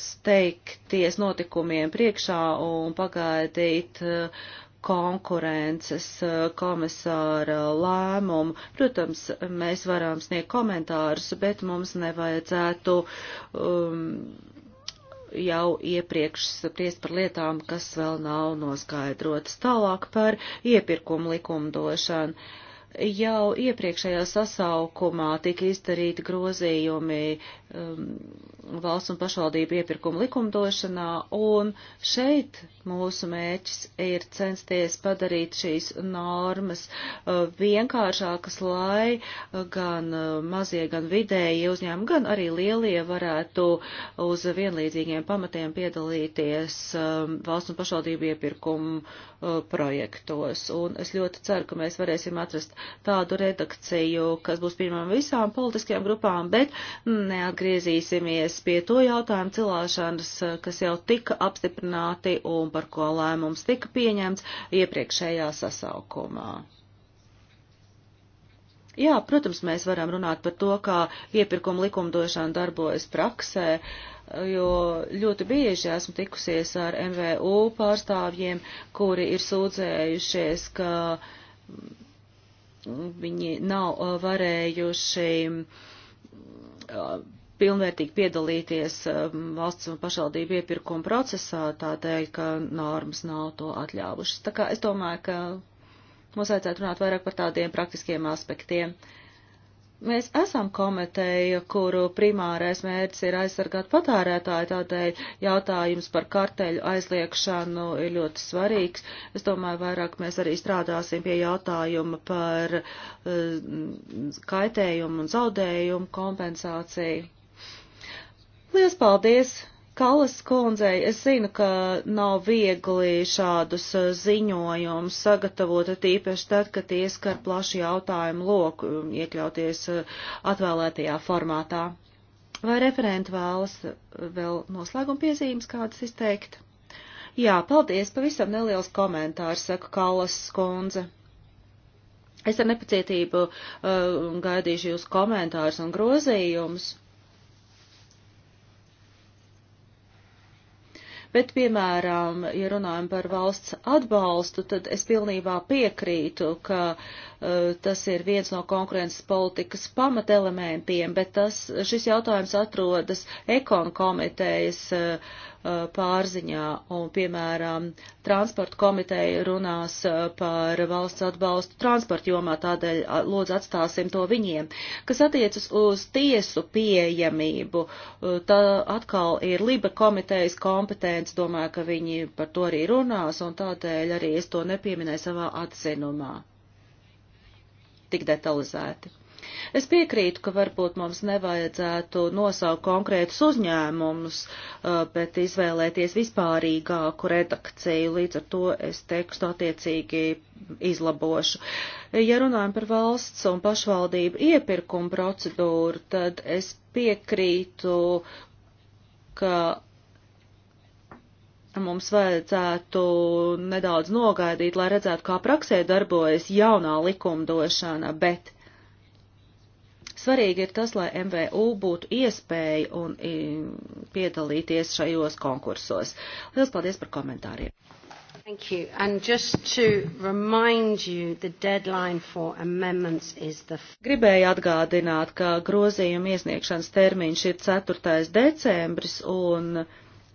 steigties notikumiem priekšā un pagaidīt eh, konkurences eh, komisāra lēmumu. Protams, mēs varam sniegt komentārus, bet mums nevajadzētu um, jau iepriekš spriest par lietām, kas vēl nav noskaidrotas. Tālāk par iepirkumu likumdošanu. Jau iepriekšējā sasaukumā tika izdarīti grozījumi um, valsts un pašvaldību iepirkuma likumdošanā, un šeit mūsu mērķis ir censties padarīt šīs normas uh, vienkāršākas, lai uh, gan uh, mazie, gan vidēji uzņēmumi, gan arī lielie varētu uz vienlīdzīgiem pamatiem piedalīties um, valsts un pašvaldību iepirkuma uh, projektos. Un es ļoti ceru, ka mēs varēsim atrast tādu redakciju, kas būs pieņemama visām politiskajām grupām, bet neatgriezīsimies pie to jautājumu cilāšanas, kas jau tika apstiprināti un par ko lēmums tika pieņemts iepriekšējā sasaukumā. Jā, protams, mēs varam runāt par to, kā iepirkuma likumdošana darbojas praksē, jo ļoti bieži esmu tikusies ar MVU pārstāvjiem, kuri ir sūdzējušies, ka viņi nav uh, varējuši mm, uh, pilnvērtīgi piedalīties um, valsts un pašvaldību iepirkuma procesā, tādēļ, ka normas nav to atļāvušas. Tā kā es domāju, ka mums vajadzētu runāt vairāk par tādiem praktiskiem aspektiem. Uh, Mēs esam komiteja, kuru primārais mērķis ir aizsargāt patērētāju, tādēļ jautājums par karteļu aizliekšanu ir ļoti svarīgs. Es domāju, vairāk mēs arī strādāsim pie jautājuma par uh, kaitējumu un zaudējumu kompensāciju. Lielas paldies Kalas kundzei, es zinu, ka nav viegli šādus uh, ziņojumus sagatavot, tīpaši tad, kad tie skar plašu jautājumu loku, um, iekļauties uh, atvēlētajā formātā. Vai referenti vēlas uh, vēl noslēguma piezīmes kādas izteikt? Jā, paldies, pavisam neliels komentārs, saka Kalas kundze. Es ar nepacietību uh, gaidīšu jūs komentārus un grozījumus. Bet, piemēram, ja runājam par valsts atbalstu, tad es pilnībā piekrītu, ka uh, tas ir viens no konkurences politikas pamatelementiem, bet tas, šis jautājums atrodas ekon komitejas uh, pārziņā, un, piemēram, transporta komiteja runās par valsts atbalstu transporta jomā, tādēļ lūdzu atstāsim to viņiem. Kas attiecas uz tiesu pieejamību, tā atkal ir Liba komitejas kompetence referents domāju, ka viņi par to arī runās, un tādēļ arī es to nepieminēju savā atzinumā tik detalizēti. Es piekrītu, ka varbūt mums nevajadzētu nosaukt konkrētus uzņēmumus, uh, bet izvēlēties vispārīgāku redakciju, līdz ar to es tekstu attiecīgi izlabošu. Ja runājam par valsts un pašvaldību iepirkumu procedūru, tad es piekrītu, ka mums vajadzētu nedaudz nogaidīt, lai redzētu, kā praksē darbojas jaunā likumdošana, bet svarīgi ir tas, lai MVU būtu iespēja un piedalīties šajos konkursos. Lielas paldies par komentāriem. Thank you. And just to remind you, the deadline for amendments is the... Gribēju atgādināt, ka grozījuma iesniegšanas termiņš ir 4. decembris un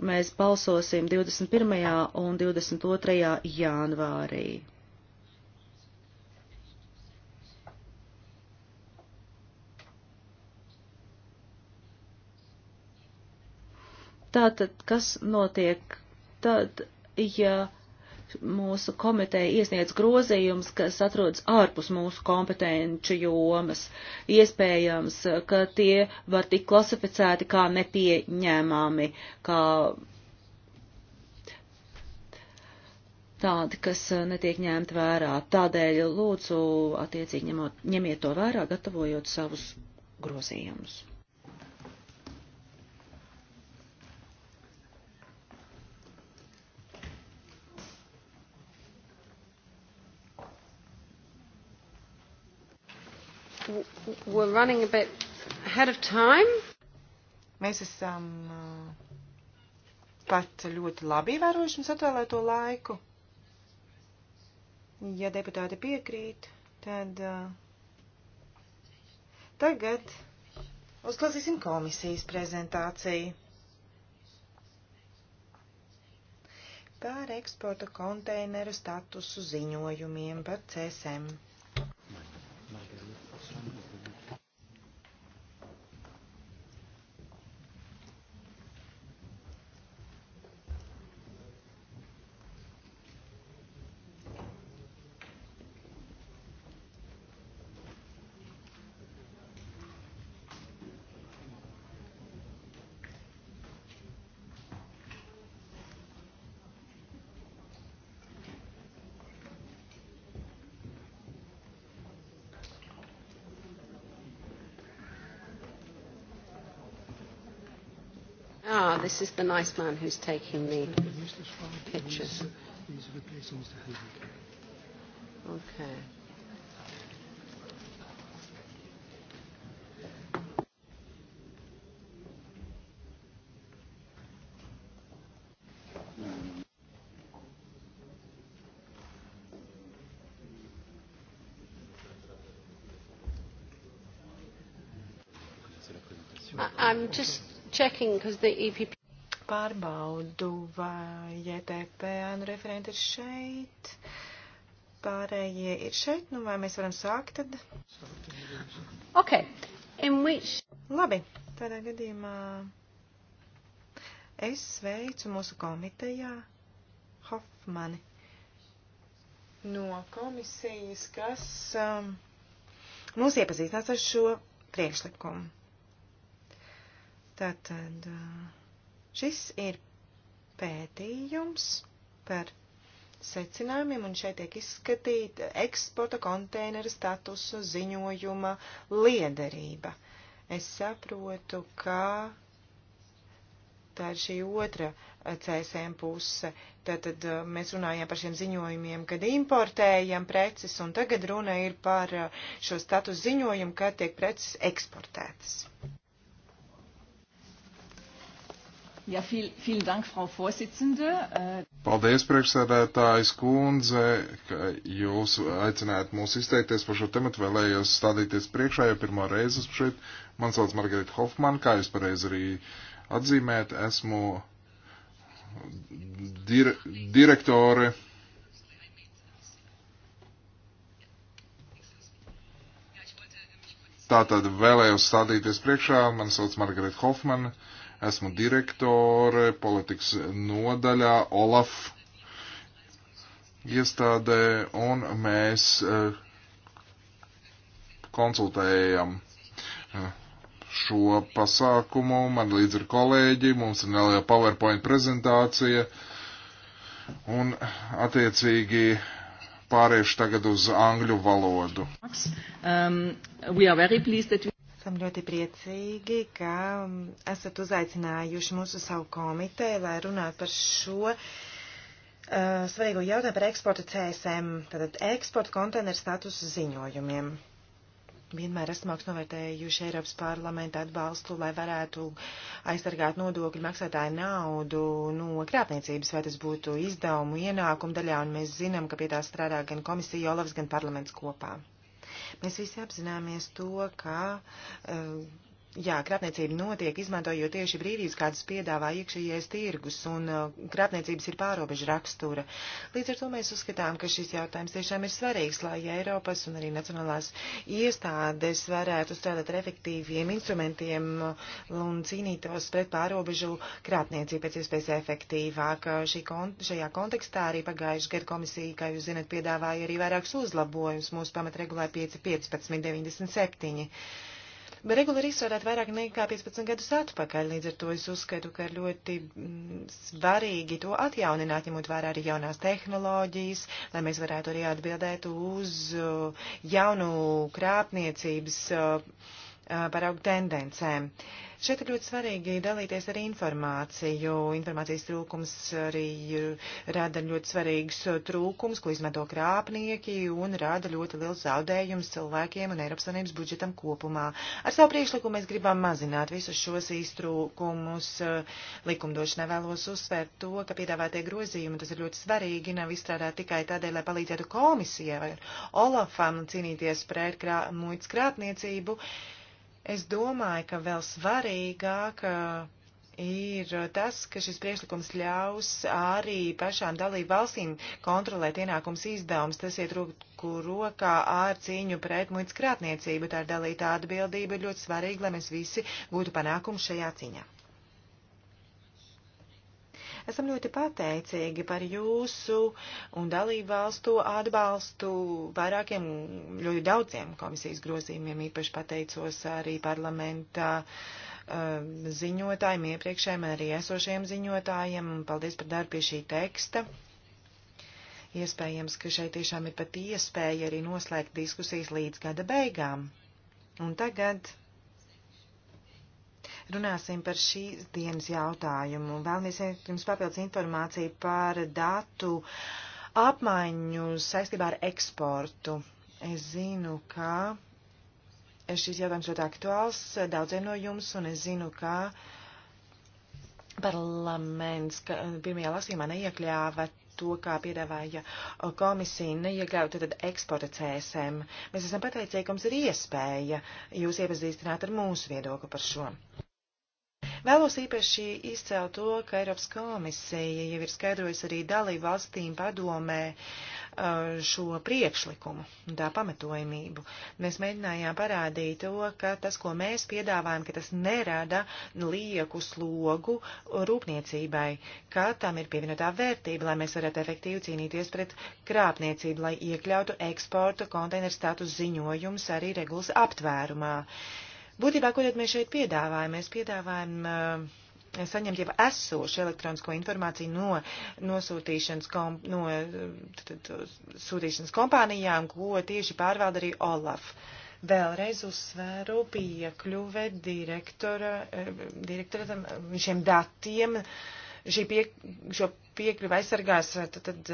mēs balsosim 21. un 22. janvārī. Tātad, kas notiek tad, ja mūsu komiteja iesniedz grozījums, kas atrodas ārpus mūsu kompetenču jomas. Iespējams, ka tie var tikt klasificēti kā nepieņēmami, kā tādi, kas netiek ņemti vērā. Tādēļ lūdzu, attiecīgi ņemot, ņemiet to vērā, gatavojot savus grozījumus. we're running a bit ahead of time. Mēs esam uh, pat ļoti labi ievērojuši mums atvēlēto laiku. Ja deputāti piekrīt, tad uh, tagad uzklausīsim komisijas prezentāciju. Par eksporta konteineru statusu ziņojumiem par CSM. This is the nice man who's taking the pictures. He's replacing Mr. Haywood. Okay. I'm just checking because the EPP pārbaudu, vai JTP e ānu referenti ir šeit. Pārējie ir šeit, nu vai mēs varam sākt tad? Ok, in which... Labi, tādā gadījumā es sveicu mūsu komitejā Hofmani no komisijas, kas um, mūs iepazīstinās ar šo priekšlikumu. Tātad. Uh, Šis ir pētījums par secinājumiem, un šeit tiek izskatīta eksporta konteineru statusu ziņojuma liederība. Es saprotu, ka tā ir šī otra CSM puse. Tātad uh, mēs runājām par šiem ziņojumiem, kad importējam preces, un tagad runa ir par uh, šo status ziņojumu, kad tiek preces eksportētas. Ja, viel, vielen Dank, Frau Vorsitzende. Äh, Paldies, priekšsēdētājs kundze, ka jūs aicinājāt mūs izteikties par šo tematu. Vēlējos stādīties priekšā jau pirmo reizi šeit. Man sauc Margarita Hofman, kā jūs pareizi arī atzīmēt, esmu dir direktore. Tātad vēlējos stādīties priekšā, man sauc Margarita Hofmana. Esmu direktore politikas nodaļā Olaf iestādē, un mēs eh, konsultējam eh, šo pasākumu. Man līdz ir kolēģi, mums ir neliela PowerPoint prezentācija, un attiecīgi pāriešu tagad uz angļu valodu. Um, we... Esam ļoti priecīgi, ka esat uzaicinājuši mūsu savu komiteju, lai runātu par šo uh, svarīgo jautājumu par eksporta CSM, tātad eksporta konteineru statusu ziņojumiem. Vienmēr esmu augstu novērtējuši Eiropas parlamenta atbalstu, lai varētu aizsargāt nodokļu maksātāju naudu no krāpniecības, vai tas būtu izdevumu ienākumu daļā, un mēs zinām, ka pie tā strādā gan komisija, Olavs, gan parlaments kopā. Mēs visi apzināmies to, ka uh, Jā, krāpniecība notiek, izmantojot tieši brīvības, kādas piedāvā iekšējais tirgus, un uh, krāpniecības ir pārobežu rakstura. Līdz ar to mēs uzskatām, ka šis jautājums tiešām ir svarīgs, lai Eiropas un arī nacionālās iestādes varētu strādāt ar efektīviem instrumentiem uh, un cīnītos pret pārobežu krāpniecību pēc iespējas efektīvāk. Uh, šī kon šajā kontekstā arī pagājuši gadu komisija, kā jūs zinat, piedāvāja arī vairākus uzlabojumus mūsu pamatregulē 5.15.97. Bet regula ir izstrādāta vairāk nekā 15 gadus atpakaļ, līdz ar to es uzskatu, ka ir ļoti mm, svarīgi to atjaunināt, ņemot vērā arī jaunās tehnoloģijas, lai mēs varētu arī atbildēt uz uh, jaunu krāpniecības. Uh, Uh, paraugu tendencēm. Šeit ir ļoti svarīgi dalīties ar informāciju. Informācijas trūkums arī uh, rada ļoti svarīgus uh, trūkums, ko izmanto krāpnieki un rada ļoti liels zaudējums cilvēkiem un Eiropas Savienības budžetam kopumā. Ar savu priekšlikumu mēs gribam mazināt visus šos īstrūkumus. Likumdošanai vēlos uzsvērt to, ka piedāvātie grozījumi, tas ir ļoti svarīgi, nav izstrādāti tikai tādēļ, lai palīdzētu komisijai vai Olafam cīnīties pret krā, muitas krāpniecību. Uh, Es domāju, ka vēl svarīgāk uh, ir tas, ka šis priekšlikums ļaus arī pašām dalību valstīm kontrolēt ienākums izdevums. Tas iet roku rokā ar cīņu pret muitas krātniecību. Tā ir dalīta atbildība ļoti svarīga, lai mēs visi gūtu panākumu šajā cīņā. Esam ļoti pateicīgi par jūsu un dalību valstu atbalstu vairākiem, ļoti daudziem komisijas grozījumiem. Īpaši pateicos arī parlamentā um, ziņotājiem, iepriekšējiem arī esošiem ziņotājiem. Paldies par darbu pie šī teksta. Iespējams, ka šeit tiešām ir pat iespēja arī noslēgt diskusijas līdz gada beigām. Un tagad Runāsim par šīs dienas jautājumu. Vēlamies iet jums papildus informāciju par datu apmaiņu saistībā ar eksportu. Es zinu, ka šis jautājums ļoti aktuāls daudziem no jums, un es zinu, ka parlaments ka eh, pirmajā lasījumā neiekļāva to, kā piedāvāja komisija, neiekļaut tad eksporta CSM. Mēs esam pateicīgi, ka mums ir iespēja jūs iepazīstināt ar mūsu viedokli par šo. Vēlos īpaši izcelt to, ka Eiropas komisija jau ir skaidrojusi arī dalību valstīm padomē uh, šo priekšlikumu un tā pamatojamību. Mēs mēģinājām parādīt to, ka tas, ko mēs piedāvājam, ka tas nerada lieku slogu rūpniecībai, ka tam ir pievienotā vērtība, lai mēs varētu efektīvi cīnīties pret krāpniecību, lai iekļautu eksporta konteineru status ziņojums arī regulas aptvērumā. Uh, Būtībā, ko tad mēs šeit piedāvājam? Mēs piedāvājam uh, saņemt jau esošu elektronisko informāciju no nosūtīšanas, kom, no eh, t, t, t, sūtīšanas kompānijām, ko tieši pārvalda arī Olaf. Vēlreiz uzsvēru piekļuve direktora, eh, direktoram šiem datiem. Šī pie, šo piekļuve aizsargās tad, tad,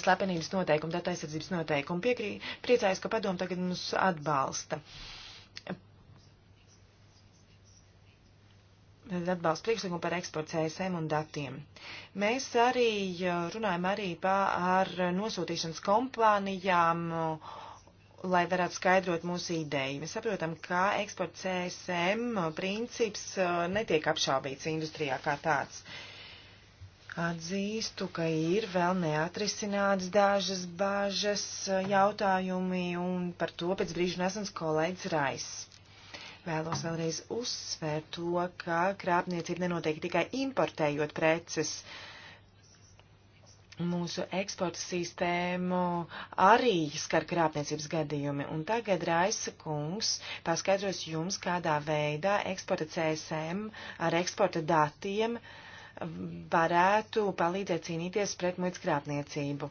slepenības noteikumu, datu aizsardzības noteikumu. Piekrī, priecājos, ka padomu tagad mums atbalsta. Uh, atbalsta priekšlikumu par eksportu CSM un datiem. Mēs arī uh, runājam arī par nosūtīšanas kompānijām, uh, lai varētu skaidrot mūsu ideju. Mēs saprotam, ka eksporta CSM princips uh, netiek apšaubīts industrijā kā tāds. Uh, Atzīstu, ka ir vēl neatrisināts dažas bāžas eh, jautājumi, un par to pēc brīža nesams kolēģis Rais. Vēlos vēlreiz uzsvērt to, ka krāpniecība nenotiek tikai importējot preces. Mūsu eksporta sistēmu arī skar krāpniecības gadījumi, un tagad Raisa kungs paskaidros jums, kādā veidā eksporta CSM ar eksporta datiem uh, varētu palīdzēt cīnīties pret muitas krāpniecību.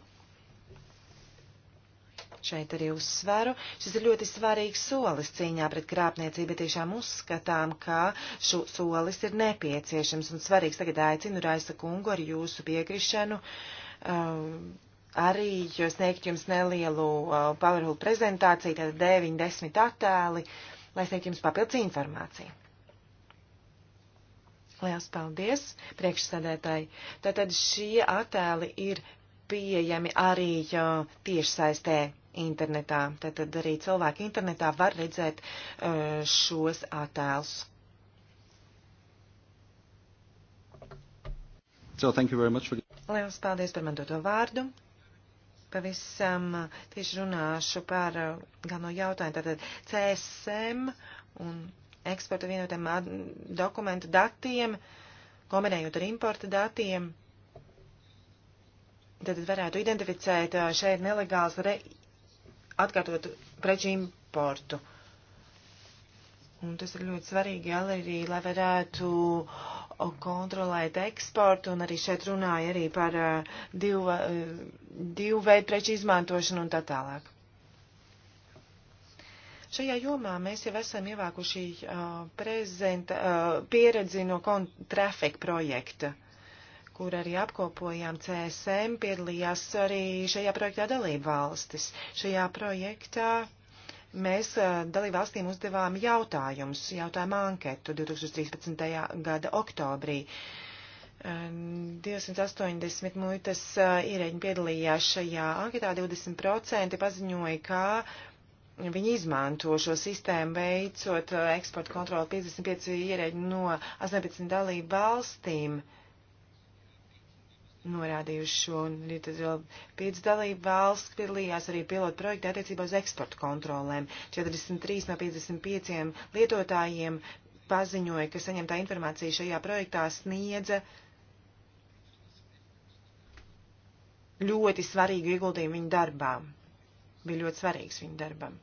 Šeit arī uzsveru, šis ir ļoti svarīgs solis cīņā pret krāpniecību, bet tiešām uzskatām, ka šo solis ir nepieciešams un svarīgs. Tagad aicinu Raisa kungu ar jūsu piekrišanu uh, arī sniegt jums nelielu uh, PowerPoint prezentāciju, tātad 9-10 attēli, lai sniegt jums papildus informāciju. Liels paldies, priekšsēdētāji. Tātad šie attēli ir pieejami arī tiešsaistē internetā. Tātad arī cilvēki internetā var redzēt šos attēlus. So, thank you very much for... Liels paldies par man doto vārdu. Pavisam tieši runāšu par galveno jautājumu. Tātad CSM un eksporta vienotiem dokumentu datiem, kombinējot ar importa datiem. Tad varētu identificēt šeit nelegāls re... atkārtot preču importu. Un tas ir ļoti svarīgi galerija, lai varētu kontrolēt eksportu, un arī šeit runāja arī par divu, divu veidu preču izmantošanu un tā tālāk. Šajā jomā mēs jau esam ievākuši uh, prezenta, uh, pieredzi no Traffic projekta, kur arī apkopojām CSM, piedalījās arī šajā projektā dalību valstis. Šajā projektā mēs dalībvalstīm uzdevām jautājumus, jautājumu anketu 2013. gada oktobrī. 280 muitas ierēģi piedalījās šajā anketā, 20% paziņoja, ka Viņi izmanto šo sistēmu veicot uh, eksporta kontroli 55 ierēģi no 18 dalību valstīm norādījuši šo, un arī tad vēl 5 dalību valsts piedalījās arī pilotu projekta attiecībā uz eksporta kontrolēm. 43 no 55 lietotājiem paziņoja, ka saņemtā informācija šajā projektā sniedza ļoti svarīgu ieguldījumu viņu darbām. Bija ļoti svarīgs viņu darbam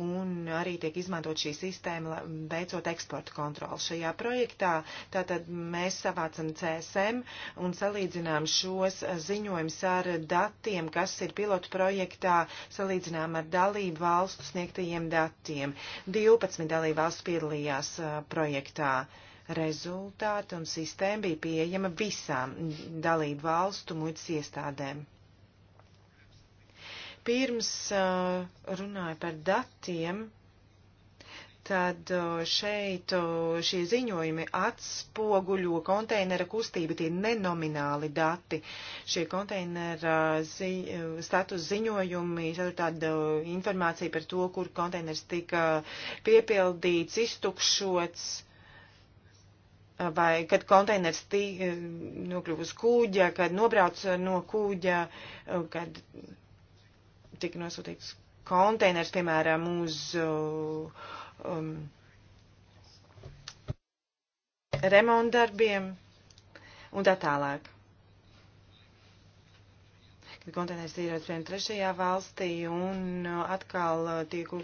un arī tiek izmantot šī sistēma, veicot eksporta kontroli. Šajā projektā tātad mēs savācam CSM un salīdzinām šos eh, ziņojumus ar datiem, kas ir pilotu projektā, salīdzinām ar dalību valstu sniegtajiem datiem. 12 dalību valsts piedalījās eh, projektā. Rezultāti un sistēma bija pieejama visām dalību valstu muitas iestādēm pirms uh, runāju par datiem, tad uh, šeit uh, šie ziņojumi atspoguļo konteinera kustību, tie nenomināli dati. Šie konteinera zi, status ziņojumi, tāda informācija par to, kur konteiners tika piepildīts, iztukšots vai kad konteiners nokļuva uz kūģa, kad nobrauc no kūģa, kad tika nosūtīts konteiners, piemēram, uz um, remontdarbiem un tā tālāk. Kad konteiners ir atvien trešajā valstī un uh, atkal uh, tiek uh,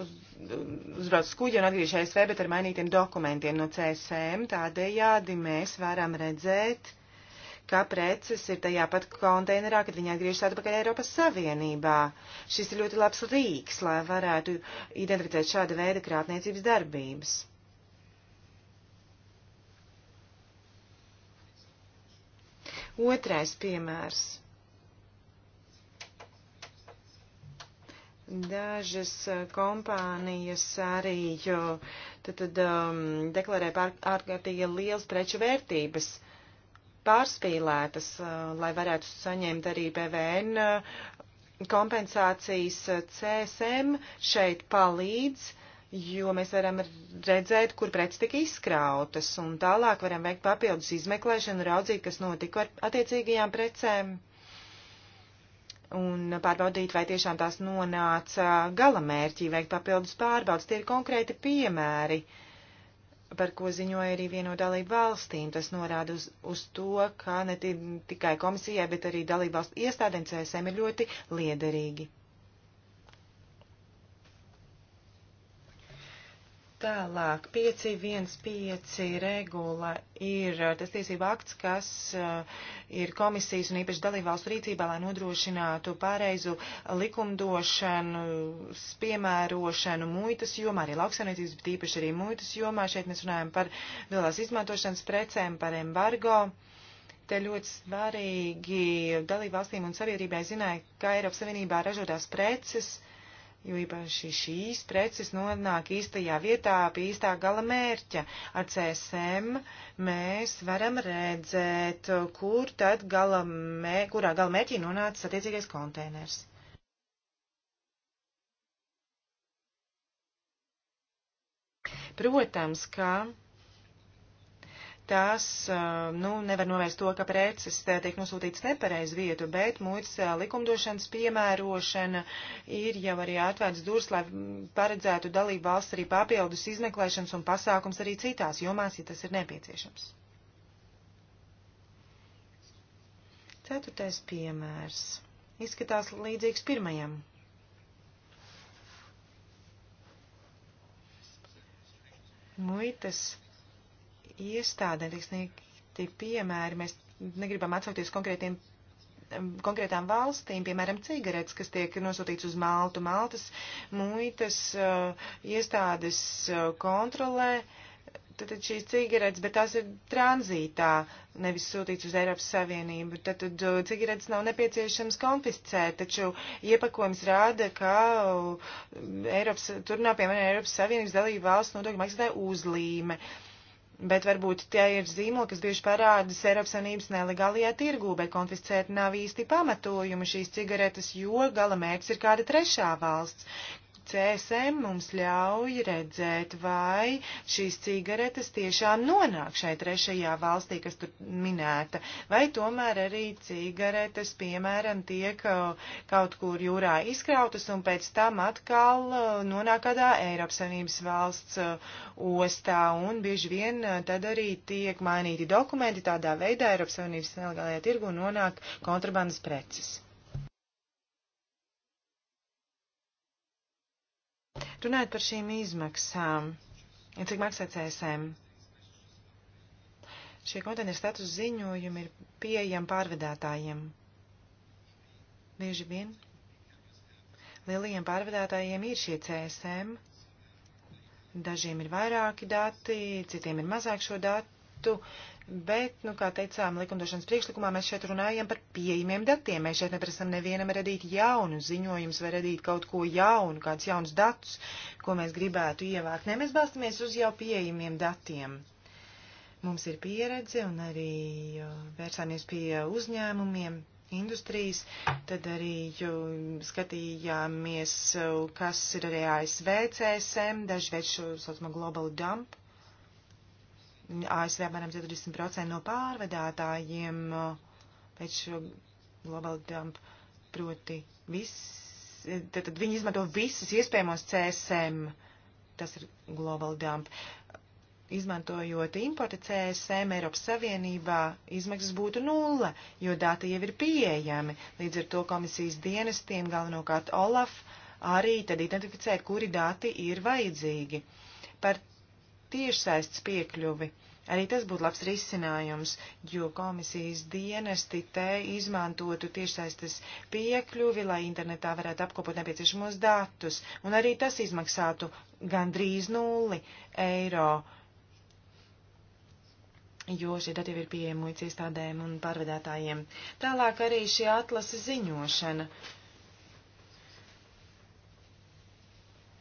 uz, uzbrauc uz kuģi un atgriež ASV, bet ar mainītiem dokumentiem no CSM, tādējādi mēs varam redzēt, ka preces ir tajā pat konteinerā, kad viņi atgriežas atpakaļ Eiropas Savienībā. Šis ir ļoti labs rīks, lai varētu identificēt šāda veida krāpniecības darbības. Otrais piemērs. Dažas kompānijas arī jo, tad, tad, um, deklarē ārkārtīgi liels preču vērtības. Uh, pārspīlētas, eh, lai varētu saņemt arī PVN eh, kompensācijas eh, CSM šeit palīdz, jo mēs varam redzēt, kur preces tika izkrautas, un tālāk varam veikt papildus izmeklēšanu, raudzīt, kas notika ar attiecīgajām precēm, un pārbaudīt, vai tiešām tās nonāca galamērķī, veikt papildus pārbaudas. Tie ir konkrēti piemēri. Uh, par ko ziņoja arī vieno dalību valstīm. Tas norāda uz, uz to, ka ne tikai komisijai, bet arī dalību valstu iestādēm CSM ir ļoti liederīgi. Tālāk, 515 regula ir eh, tas tiesība akts, kas eh, ir komisijas un īpaši dalībvalstu rīcībā, lai nodrošinātu pareizu likumdošanu, piemērošanu muitas jomā, arī lauksaimniecības, bet īpaši arī muitas jomā. Šeit mēs runājam par vielās izmantošanas precēm, par embargo. Te ļoti svarīgi dalībvalstīm un sabiedrībai zināja, ka Eiropas Savienībā ražotās preces Jo īpaši šīs preces nonāk īstajā vietā pie īstā gala mērķa. Ar CSM mēs varam redzēt, kur tad gala mē, kurā gala mērķī nonāca attiecīgais konteiners. Protams, ka tās nu, nevar novērst to, ka preces tiek nosūtītas nepareiz vietu, bet muitas likumdošanas piemērošana ir jau arī atvērts durvis, lai paredzētu dalību valsts arī papildus izmeklēšanas un pasākums arī citās jomās, ja tas ir nepieciešams. Ceturtais piemērs. Izskatās līdzīgs pirmajam. Muitas iestādēm tiek sniegti piemēri. Mēs negribam atsaukties konkrētiem konkrētām valstīm, piemēram, cigaretes, kas tiek nosūtīts uz Maltu. Maltas muitas uh, iestādes uh, kontrolē tad šīs cigaretes, bet tās ir tranzītā, nevis sūtīts uz Eiropas Savienību. Tad, tad e, cigaretes nav nepieciešams konfiscēt, taču iepakojums rāda, ka Eiropas, tur nav, piemēram, Eiropas Savienības dalība valsts nodokļu maksātāja uzlīme. Uh, Bet varbūt tie ir zīmoli, kas bieži parādas Eiropas Savienības nelegālajā tirgū, bet konfiscēt nav īsti pamatojumi šīs cigaretes, jo gala mērķis ir kāda trešā valsts. CSM mums ļauj redzēt, vai šīs cigaretes tiešām nonāk šai trešajā valstī, kas tur minēta, vai tomēr arī cigaretes, piemēram, tiek uh, kaut kur jūrā izkrautas un pēc tam atkal uh, nonāk kādā Eiropas Savienības valsts uh, ostā, un bieži vien tad arī tiek mainīti dokumenti, tādā veidā Eiropas Savienības nelegālajā tirgu nonāk kontrabandas preces. Runājot par šīm izmaksām, ja cik maksā CSM? Šie konteineru status ziņojumi ir pieejami pārvedātājiem. Bieži vien lielajiem pārvedātājiem ir šie CSM. Dažiem ir vairāki dati, citiem ir mazāk šo datu. Bet, nu, kā teicām, likumdošanas priekšlikumā mēs šeit runājam par pieejamiem datiem. Mēs šeit neprasam nevienam radīt jaunu ziņojumus vai radīt kaut ko jaunu, kādus jaunus datus, ko mēs gribētu ievākt. Nē, mēs balstamies uz jau pieejamiem datiem. Mums ir pieredze un arī vērsāmies pie uzņēmumiem, industrijas, tad arī skatījāmies, kas ir arī ASV CSM, daži veids šo, saucamā, global dump ASV apmēram 40% no pārvedātājiem eh, pēc šo global dump, proti viss, eh, tad, tad viņi izmanto visus iespējamos CSM, tas ir global dump. Izmantojot importa CSM Eiropas Savienībā, izmaksas būtu nulle, jo dati jau ir pieejami. Līdz ar to komisijas dienestiem, galvenokārt Olaf, arī tad identificē, kuri dati ir vajadzīgi. Par tiešsaists piekļuvi. Arī tas būtu labs risinājums, jo komisijas dienesti te izmantotu tiešsaistes piekļuvi, lai internetā varētu apkopot nepieciešamos datus, un arī tas izmaksātu gandrīz nulli eiro, jo šie dati ir pieejami iestādēm un pārvedētājiem. Tālāk arī šī atlasa ziņošana. Uh,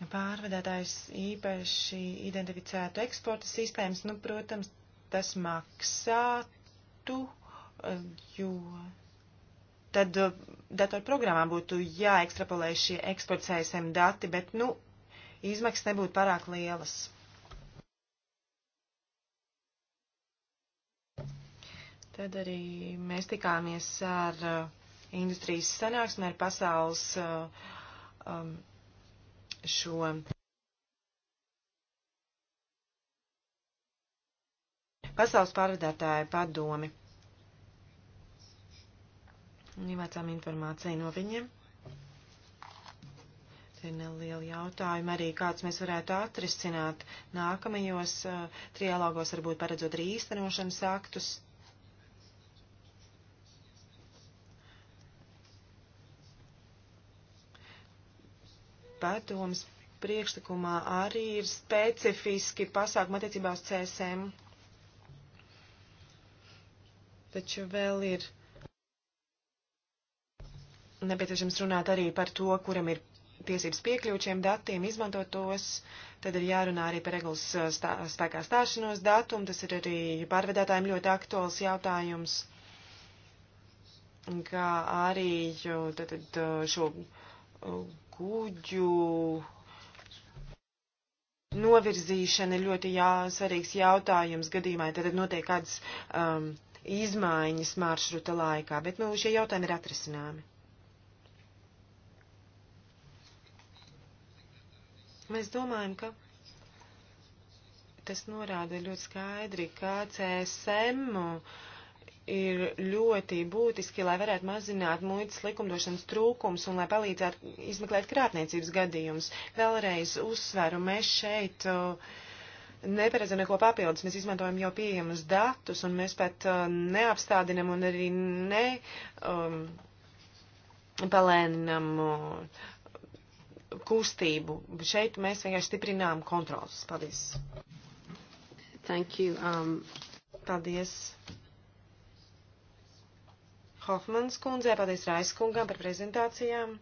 pārvadātājs īpaši identificētu eksporta sistēmas, nu, protams, tas maksātu, eh, jo tad eh, datorprogrammām būtu jāekstrapolē šie eksporta CSM dati, bet, nu, izmaksas nebūtu pārāk lielas. Tad arī mēs tikāmies ar eh, industrijas sanāksmē, ar pasaules um, šo pasaules pārvadātāju padomi. Ievācām informāciju no viņiem. Tie ir nelieli jautājumi arī, kāds mēs varētu atrisināt nākamajos uh, trialogos, varbūt paredzot arī īstenošanas aktus. padomas priekšlikumā arī ir specifiski pasākumi attiecībā uz CSM. Taču vēl ir nepieciešams runāt arī par to, kuram ir tiesības piekļūt šiem datiem, izmantot tos. Tad ir jārunā arī par regulas uh, stā, spēkā stāšanos datumu. Tas ir arī pārvedētājiem ļoti aktuāls jautājums, kā arī tad, uh, šo uh, kuģu novirzīšana ir ļoti jā, svarīgs jautājums gadījumā, tad notiek kādas um, izmaiņas maršruta laikā, bet nu, šie jautājumi ir atrisināmi. Mēs domājam, ka tas norāda ļoti skaidri, ka CSM uh, ir ļoti būtiski, lai varētu mazināt muitas likumdošanas trūkums un lai palīdzētu izmeklēt krāpniecības gadījumus. Vēlreiz uzsveru, mēs šeit uh, neparedzam neko papildus, mēs izmantojam jau pieejamus datus un mēs pat uh, neapstādinam un arī ne um, palēninam uh, kustību. Šeit mēs vienkārši stiprinām kontrolas. Paldies. Thank you. Um... Paldies. Hofmanas kundzei, paldies Raiskungam par prezentācijām.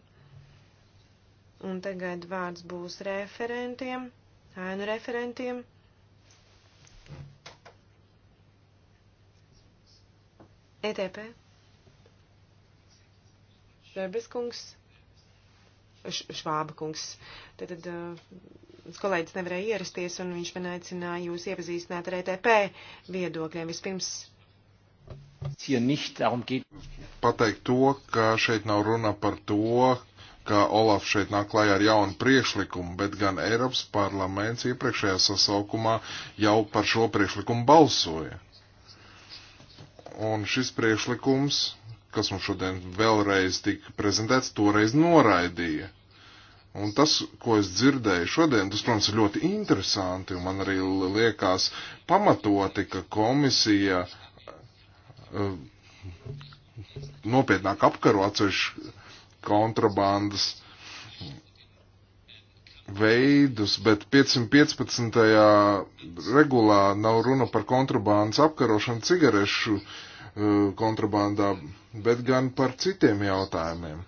Un tagad vārds būs referentiem, ēnu referentiem. ETP. Rebes kungs. Š švāba kungs. Tad, tad uh, kolēģis nevarēja ierasties, un viņš man aicināja jūs iepazīstināt ar ETP viedokļiem. Vispirms Pateikt to, ka šeit nav runa par to, ka Olaf šeit nāk klājā ar jaunu priekšlikumu, bet gan Eiropas parlaments iepriekšējā sasaukumā jau par šo priekšlikumu balsoja. Un šis priekšlikums, kas mums šodien vēlreiz tika prezentēts, toreiz noraidīja. Un tas, ko es dzirdēju šodien, tas, protams, ir ļoti interesanti, un man arī liekas pamatoti, ka komisija uh, Um, nopietnāk apkaro atsevišķu kontrabandas veidus, bet 515. regulā nav runa par kontrabandas apkarošanu cigarešu uh, kontrabandā, bet gan par citiem jautājumiem.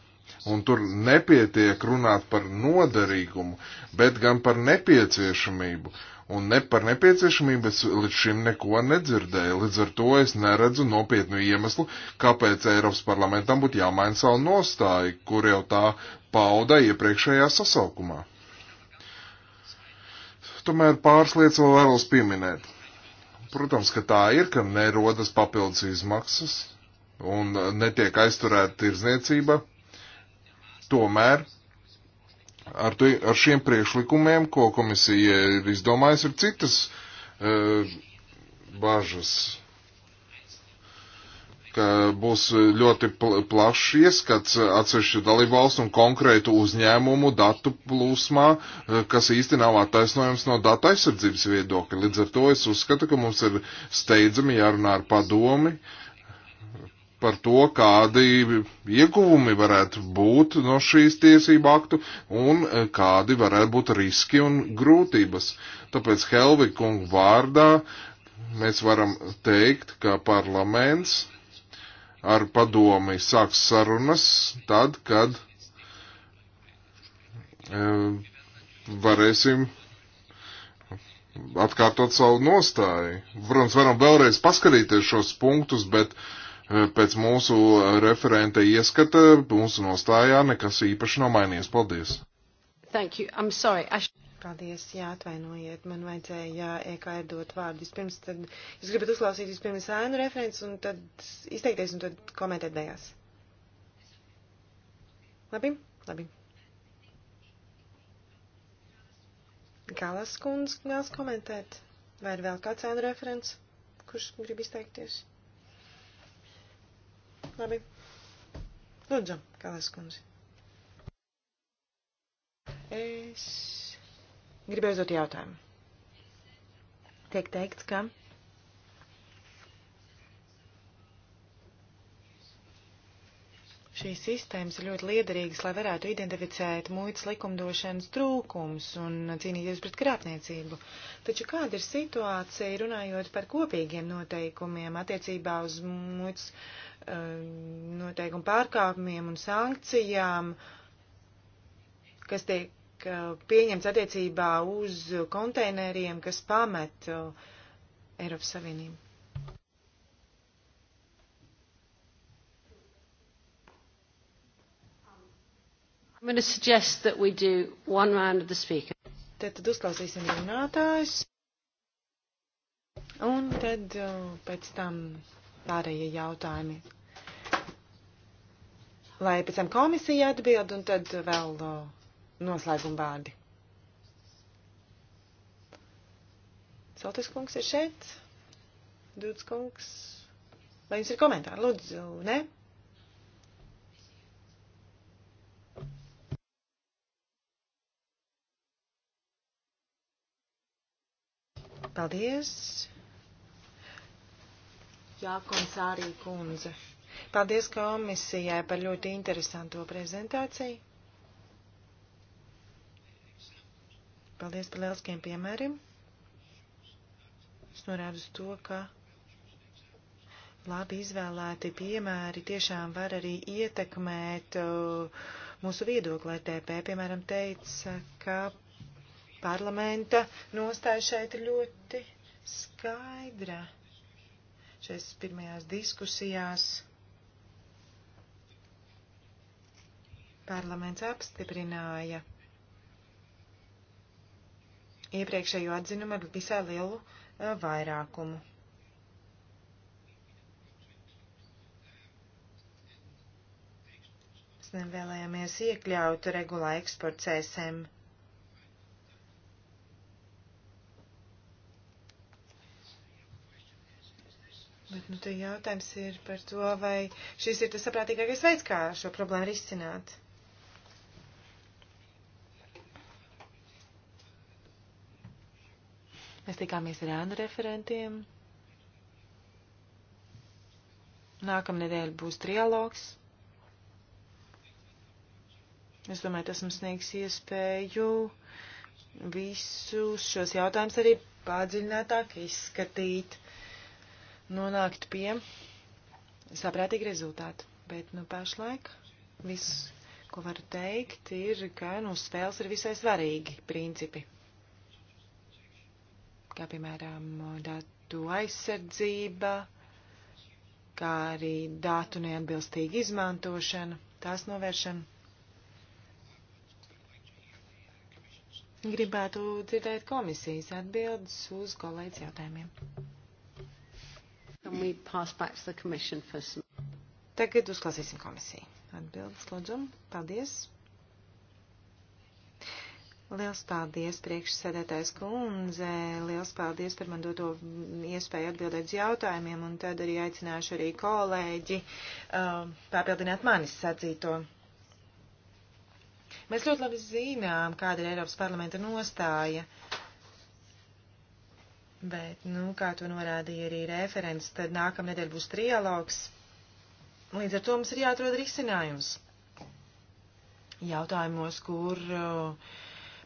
Un tur nepietiek runāt par noderīgumu, bet gan par nepieciešamību un ne par nepieciešamību es līdz šim neko nedzirdēju. Līdz ar to es neredzu nopietnu iemeslu, kāpēc Eiropas parlamentam būtu jāmaina savu nostāju, kur jau tā pauda iepriekšējā sasaukumā. Tomēr pāris lietas vēl vēlos pieminēt. Protams, ka tā ir, ka nerodas papildus izmaksas un netiek aizturēta tirzniecība. Tomēr ar, tu, ar šiem priekšlikumiem, ko komisija ir izdomājusi, ir citas uh, bažas, ka būs ļoti plašs ieskats atsevišķu dalībvalstu un konkrētu uzņēmumu datu plūsmā, uh, kas īsti nav attaisnojams no data aizsardzības viedokļa. Līdz ar to es uzskatu, ka mums ir steidzami jārunā ar padomi, uh, par to, kādi ieguvumi varētu būt no šīs tiesību aktu un e, kādi varētu būt riski un grūtības. Tāpēc Helvikungu vārdā mēs varam teikt, ka parlaments ar padomi sāks sarunas tad, kad e, varēsim atkārtot savu nostāju. Protams, varam vēlreiz paskatīties šos punktus, bet uh, pēc mūsu referenta ieskata, mūsu nostājā nekas īpaši nav mainījies. Paldies! Thank you. I'm sorry. I should... Paldies, jā, atvainojiet, man vajadzēja EKR dot vārdu. Vispirms tad, jūs gribat uzklausīt vispirms ēnu referents un tad izteikties un tad komentēt beigās. Labi? Labi. Kalas kundz vēlas komentēt? Vai ir vēl kāds ēnu referents, kurš grib izteikties? Labi. Lūdzam, Kalas kundze. Es gribēju uzdot jautājumu. Tiek teikts, ka Šīs sistēmas ir ļoti liederīgas, lai varētu identificēt muitas likumdošanas trūkums un cīnīties pret krāpniecību. Taču kāda ir situācija, runājot par kopīgiem noteikumiem attiecībā uz muitas uh, noteikumu pārkāpumiem un sankcijām, kas tiek uh, pieņemts attiecībā uz konteineriem, kas pamet uh, Eiropas Savienību? Tad, tad uzklausīsim runātājus, un tad uh, pēc tam pārējie jautājumi. Lai pēc tam komisija atbild, un tad vēl uh, noslēguma vārdi. Saltis kungs ir šeit, Dūds kungs. Vai jums ir komentāri? Lūdzu, ne? Paldies. Jākons arī kundze. Paldies komisijai par ļoti interesanto prezentāciju. Paldies par lieliskiem piemēriem. Es norādu uz to, ka labi izvēlēti piemēri tiešām var arī ietekmēt uh, mūsu viedoklē TP. Piemēram, teica, ka Parlamenta nostāja šeit ļoti skaidra. Šais pirmajās diskusijās parlaments apstiprināja iepriekšējo atzinumu ar visai lielu uh, vairākumu. Mēs nevēlējāmies iekļaut regulā eksports SM Bet, nu, te jautājums ir par to, vai šis ir tas saprātīgākais veids, kā šo problēmu risināt. Mēs tikāmies ar ēnu referentiem. Nākamnedēļ būs trialogs. Es domāju, tas mums sniegs iespēju visus šos jautājumus arī padziļinātāk izskatīt nonākt pie saprātīga rezultāta. Bet nu, pašlaik viss, ko varu teikt, ir, ka no spēles ir visai svarīgi principi. Kā piemēram datu aizsardzība, kā arī datu neatbilstīga izmantošana, tās novēršana. Gribētu dzirdēt komisijas atbildes uz kolēģis jautājumiem. Can we pass back to the commission for some... Tagad uzklausīsim komisiju. Atbildes, lūdzu. Paldies. Liels paldies, priekšsēdētājs kundze. Liels paldies par man doto iespēju atbildēt uz jautājumiem, un tad arī aicināšu arī kolēģi uh, papildināt manis sacīto. Mēs ļoti labi zinām, kāda ir Eiropas parlamenta nostāja. Uh, Bet, nu, kā to norādīja arī referents, tad nākamnedēļ būs trialogs. Līdz ar to mums ir jāatrod risinājums. Jautājumos, kur uh,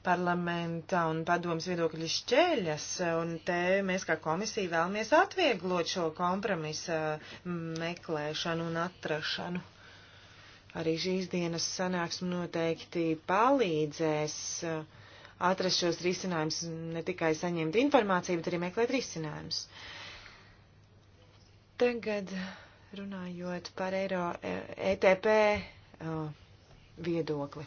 parlamentā un padomas viedokļi šķēļas, uh, un te mēs kā komisija vēlamies atvieglot šo kompromisa mm, meklēšanu un atrašanu. Arī šīs dienas sanāksme noteikti palīdzēs uh, atrast šos risinājumus, ne tikai saņemt informāciju, bet arī meklēt risinājumus. Tagad runājot par Eiro ETP e uh, viedokli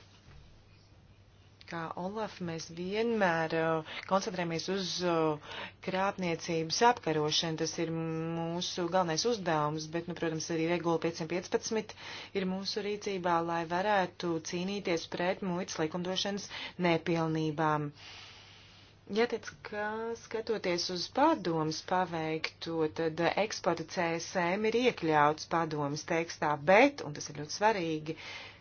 kā Olaf, mēs vienmēr uh, koncentrējamies uz uh, krāpniecības apkarošanu. Tas ir mūsu galvenais uzdevums, bet, nu, protams, arī regula 515 ir mūsu rīcībā, lai varētu cīnīties pret muitas likumdošanas nepilnībām. Jāteic, ka skatoties uz padomus paveikto, tad eksporta CSM ir iekļauts padomus tekstā, bet, un tas ir ļoti svarīgi, uh,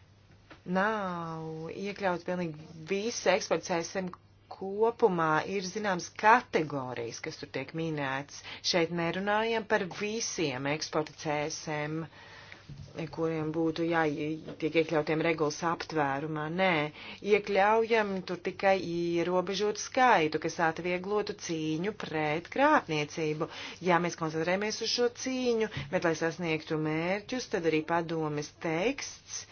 nav iekļauts pilnīgi visi eksports ASM kopumā ir zināmas kategorijas, kas tur tiek minētas. Šeit nerunājam par visiem eksporta CSM, kuriem būtu jātiek iekļautiem regulas aptvērumā. Nē, iekļaujam tur tikai ierobežotu skaitu, kas atvieglotu cīņu pret krāpniecību. Jā, mēs koncentrējamies uz šo cīņu, bet, lai sasniegtu mērķus, tad arī padomes teksts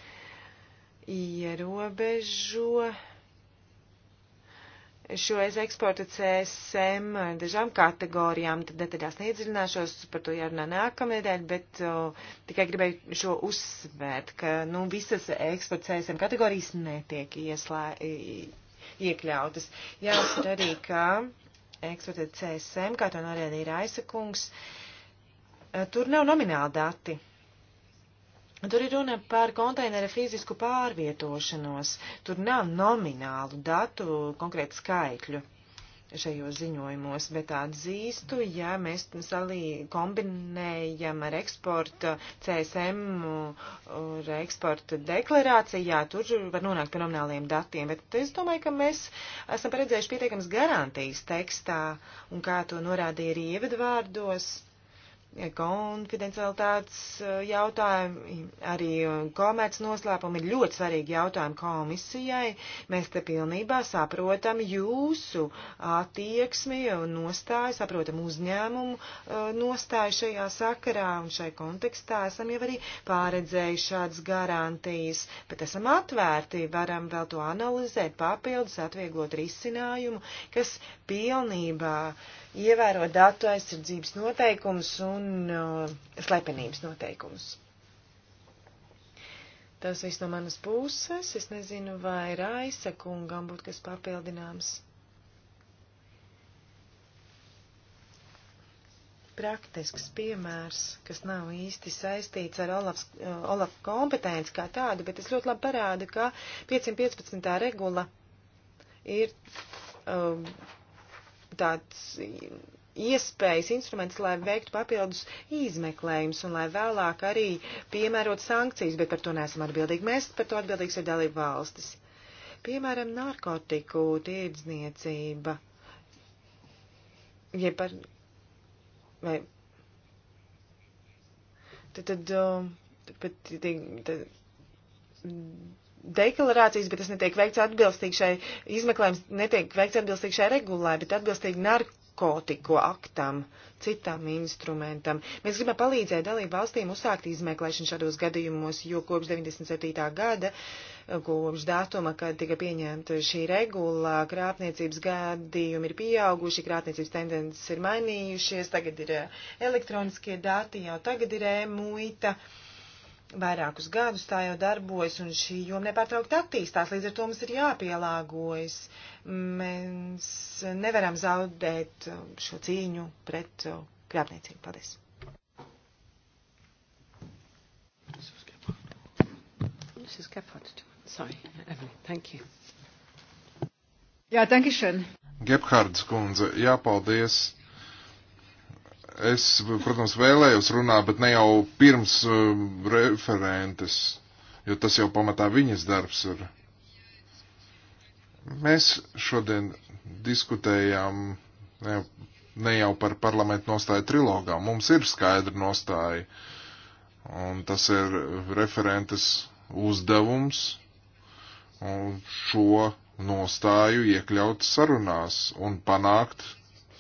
ierobežo šo eksporta CSM dažām kategorijām. Tad detaļās neiedziļināšos, par to jārunā nākamnedēļ, bet o, tikai gribēju šo uzsvērt, ka nu, visas eksporta CSM kategorijas netiek ieslē, iekļautas. Jāsver arī, ka eksporta CSM, kā to norēdīja Raisakungs, e, tur nav nomināli dati. Tur ir runa par konteinera fizisku pārvietošanos. Tur nav nominālu datu, konkrētu skaitļu šajos ziņojumos, bet atzīstu, ja mēs salī kombinējam ar eksporta CSM, ar eksporta deklarācijā, tur var nonākt pie nomināliem datiem, bet es domāju, ka mēs esam paredzējuši pietiekams garantijas tekstā, un kā to norādīja arī ievadvārdos. vārdos konfidencialitātes eh, jautājumi, arī eh, komerc noslēpumi ir ļoti svarīgi jautājumi komisijai. Mēs te pilnībā saprotam jūsu attieksmi un eh, nostāju, saprotam uzņēmumu nostāju šajā sakarā un šai kontekstā esam jau arī pāredzējuši šādas garantijas, bet esam atvērti, varam vēl to analizēt, papildus atvieglot risinājumu, kas pilnībā ievēro datu aizsardzības noteikumus un un uh, slepenības noteikumus. Tas viss no manas puses. Es nezinu, vai Raisa kungam būtu kas papildināms. praktisks piemērs, kas nav īsti saistīts ar Olafs, uh, Olafa kompetenci kā tādu, bet es ļoti labi parādu, ka 515. regula ir um, tāds iespējas, instrumentus, lai veiktu papildus izmeklējumus un lai vēlāk arī piemērot sankcijas, bet par to neesam atbildīgi. Mēs par to atbildīgs ir dalību valstis. Piemēram, narkotiku tirdzniecība. Ja par... Vai... Tad, tad, um, tad, tad, tad, deklarācijas, bet tas netiek veikts atbilstīgi šai izmeklējums, netiek veikts atbilstīgi šai regulai, bet atbilstīgi narkotiku narkotiku aktam, citam instrumentam. Mēs gribam palīdzēt dalību valstīm uzsākt izmeklēšanu šādos gadījumos, jo kopš 97. gada, kopš datuma, kad tika pieņemta šī regula, krāpniecības gadījumi ir pieauguši, krāpniecības tendences ir mainījušies, tagad ir eh, elektroniskie dati, jau tagad ir e-muita. Eh, uh, vairākus gadus tā jau darbojas, un šī joma nepārtraukti attīstās, līdz ar to mums ir jāpielāgojas. Mēs nevaram zaudēt šo cīņu pret krāpniecību. Paldies! Mrs. Gephardt, sorry, Emily, thank you. Jā, yeah, thank you, Šen. Gephardt, skundze, jāpaldies Es, protams, vēlējos runāt, bet ne jau pirms uh, referentes, jo tas jau pamatā viņas darbs ir. Mēs šodien diskutējām ne, ne jau par parlamentu nostāju trilogā. Mums ir skaidra nostāja, un tas ir referentes uzdevums un uh, šo nostāju iekļaut sarunās un panākt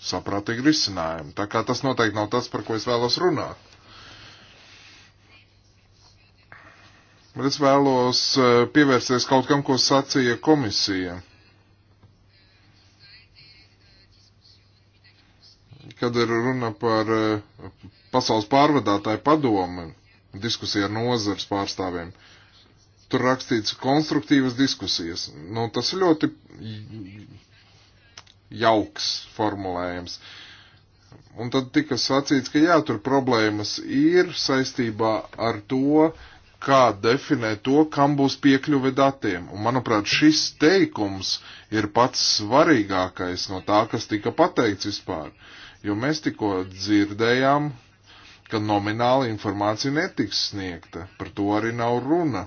saprātīgu risinājumu. Tā kā tas noteikti nav tas, par ko es vēlos runāt. Bet es vēlos e, pievērsties kaut kam, ko sacīja komisija. Kad ir runa par e, pasaules pārvadātāju padomu, diskusija ar nozars pārstāvjiem, tur rakstīts konstruktīvas diskusijas. Nu, tas ļoti jauks formulējums. Un tad tika sacīts, ka jā, tur problēmas ir saistībā ar to, kā definē to, kam būs piekļuve datiem. Un, manuprāt, šis teikums ir pats svarīgākais no tā, kas tika pateikts vispār. Jo mēs tikko dzirdējām, ka nomināla informācija netiks sniegta. Par to arī nav runa.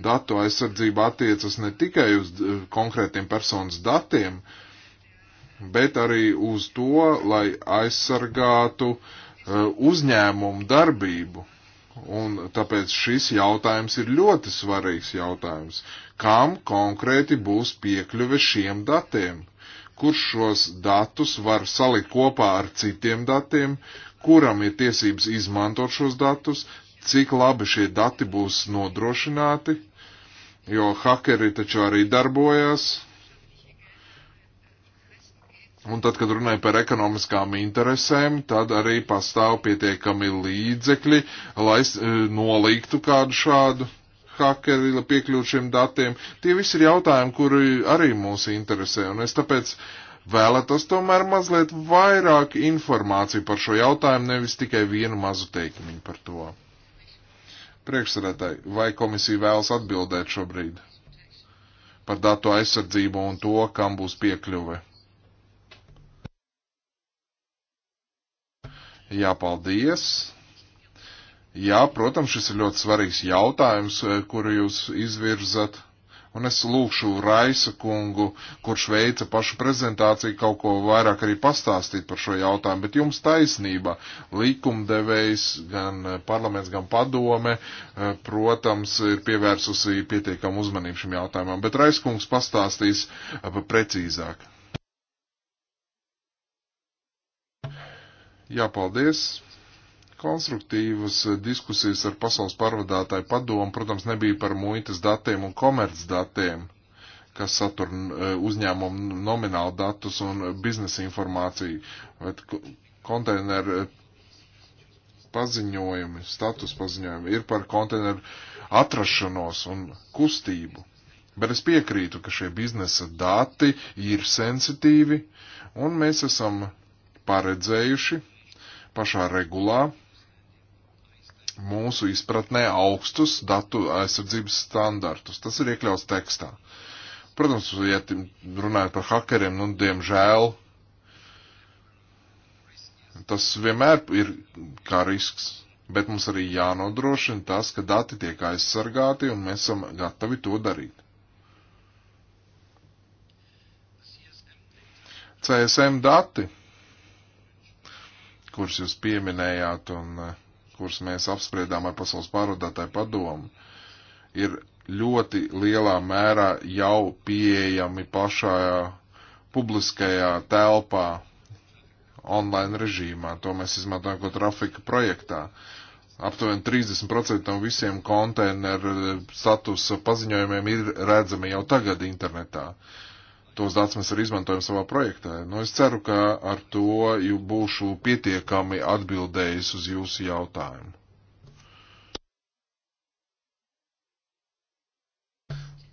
Datu aizsardzība attiecas ne tikai uz konkrētiem personas datiem, uh, bet arī uz to, lai aizsargātu eh, uzņēmumu darbību. Un tāpēc šis jautājums ir ļoti svarīgs jautājums. Kam konkrēti būs piekļuve šiem datiem? Kurš šos datus var salikt kopā ar citiem datiem? Kuram ir tiesības izmantot šos datus? Cik labi šie dati būs nodrošināti? Jo hakeri taču arī darbojas, Un tad, kad runāju par ekonomiskām interesēm, tad arī pastāv pietiekami līdzekļi, lai e, noliktu kādu šādu hakeri, lai piekļūtu šiem datiem. Tie visi ir jautājumi, kuri arī mūs interesē. Un es tāpēc vēlētos tomēr mazliet vairāk informāciju par šo jautājumu, nevis tikai vienu mazu teikumiņu par to. Priekšsarētāji, vai komisija vēlas atbildēt šobrīd par datu aizsardzību un to, kam būs piekļuve? Jāpaldies. Jā, protams, šis ir ļoti svarīgs jautājums, eh, kuru jūs izvirzat. Un es lūkšu Raisa kungu, kurš veica pašu prezentāciju, kaut ko vairāk arī pastāstīt par šo jautājumu. Bet jums taisnība, likumdevējs, gan eh, parlaments, gan padome, eh, protams, ir pievērsusi pietiekamu uzmanību šim jautājumam. Bet Raisa kungs pastāstīs precīzāk. Jāpaldies. Konstruktīvas diskusijas ar pasaules pārvadātāju padomu, protams, nebija par muitas datiem un komerc datiem, kas satur e, uzņēmumu nominālu datus un biznesa informāciju, bet konteineru e, paziņojumi, status paziņojumi ir par konteineru atrašanos un kustību. Bet es piekrītu, ka šie biznesa dati ir sensitīvi, un mēs esam paredzējuši pašā regulā mūsu izpratnē augstus datu aizsardzības standartus. Tas ir iekļauts tekstā. Protams, ja runājot par hakeriem, nu, diemžēl, tas vienmēr ir kā risks, bet mums arī jānodrošina tas, ka dati tiek aizsargāti un mēs esam gatavi to darīt. CSM dati kuras jūs pieminējāt un eh, kuras mēs apspriedām ar pasaules pārvadātāju padomu, ir ļoti lielā mērā jau pieejami pašā publiskajā telpā, online režīmā. To mēs izmantojam kā trafika projektā. Aptuveni 30% no visiem konteineru statusa paziņojumiem ir redzami jau tagad internetā. Uh, tos datus mēs arī izmantojam savā projektā. Nu, es ceru, ka ar to jau būšu pietiekami atbildējis uz jūsu jautājumu.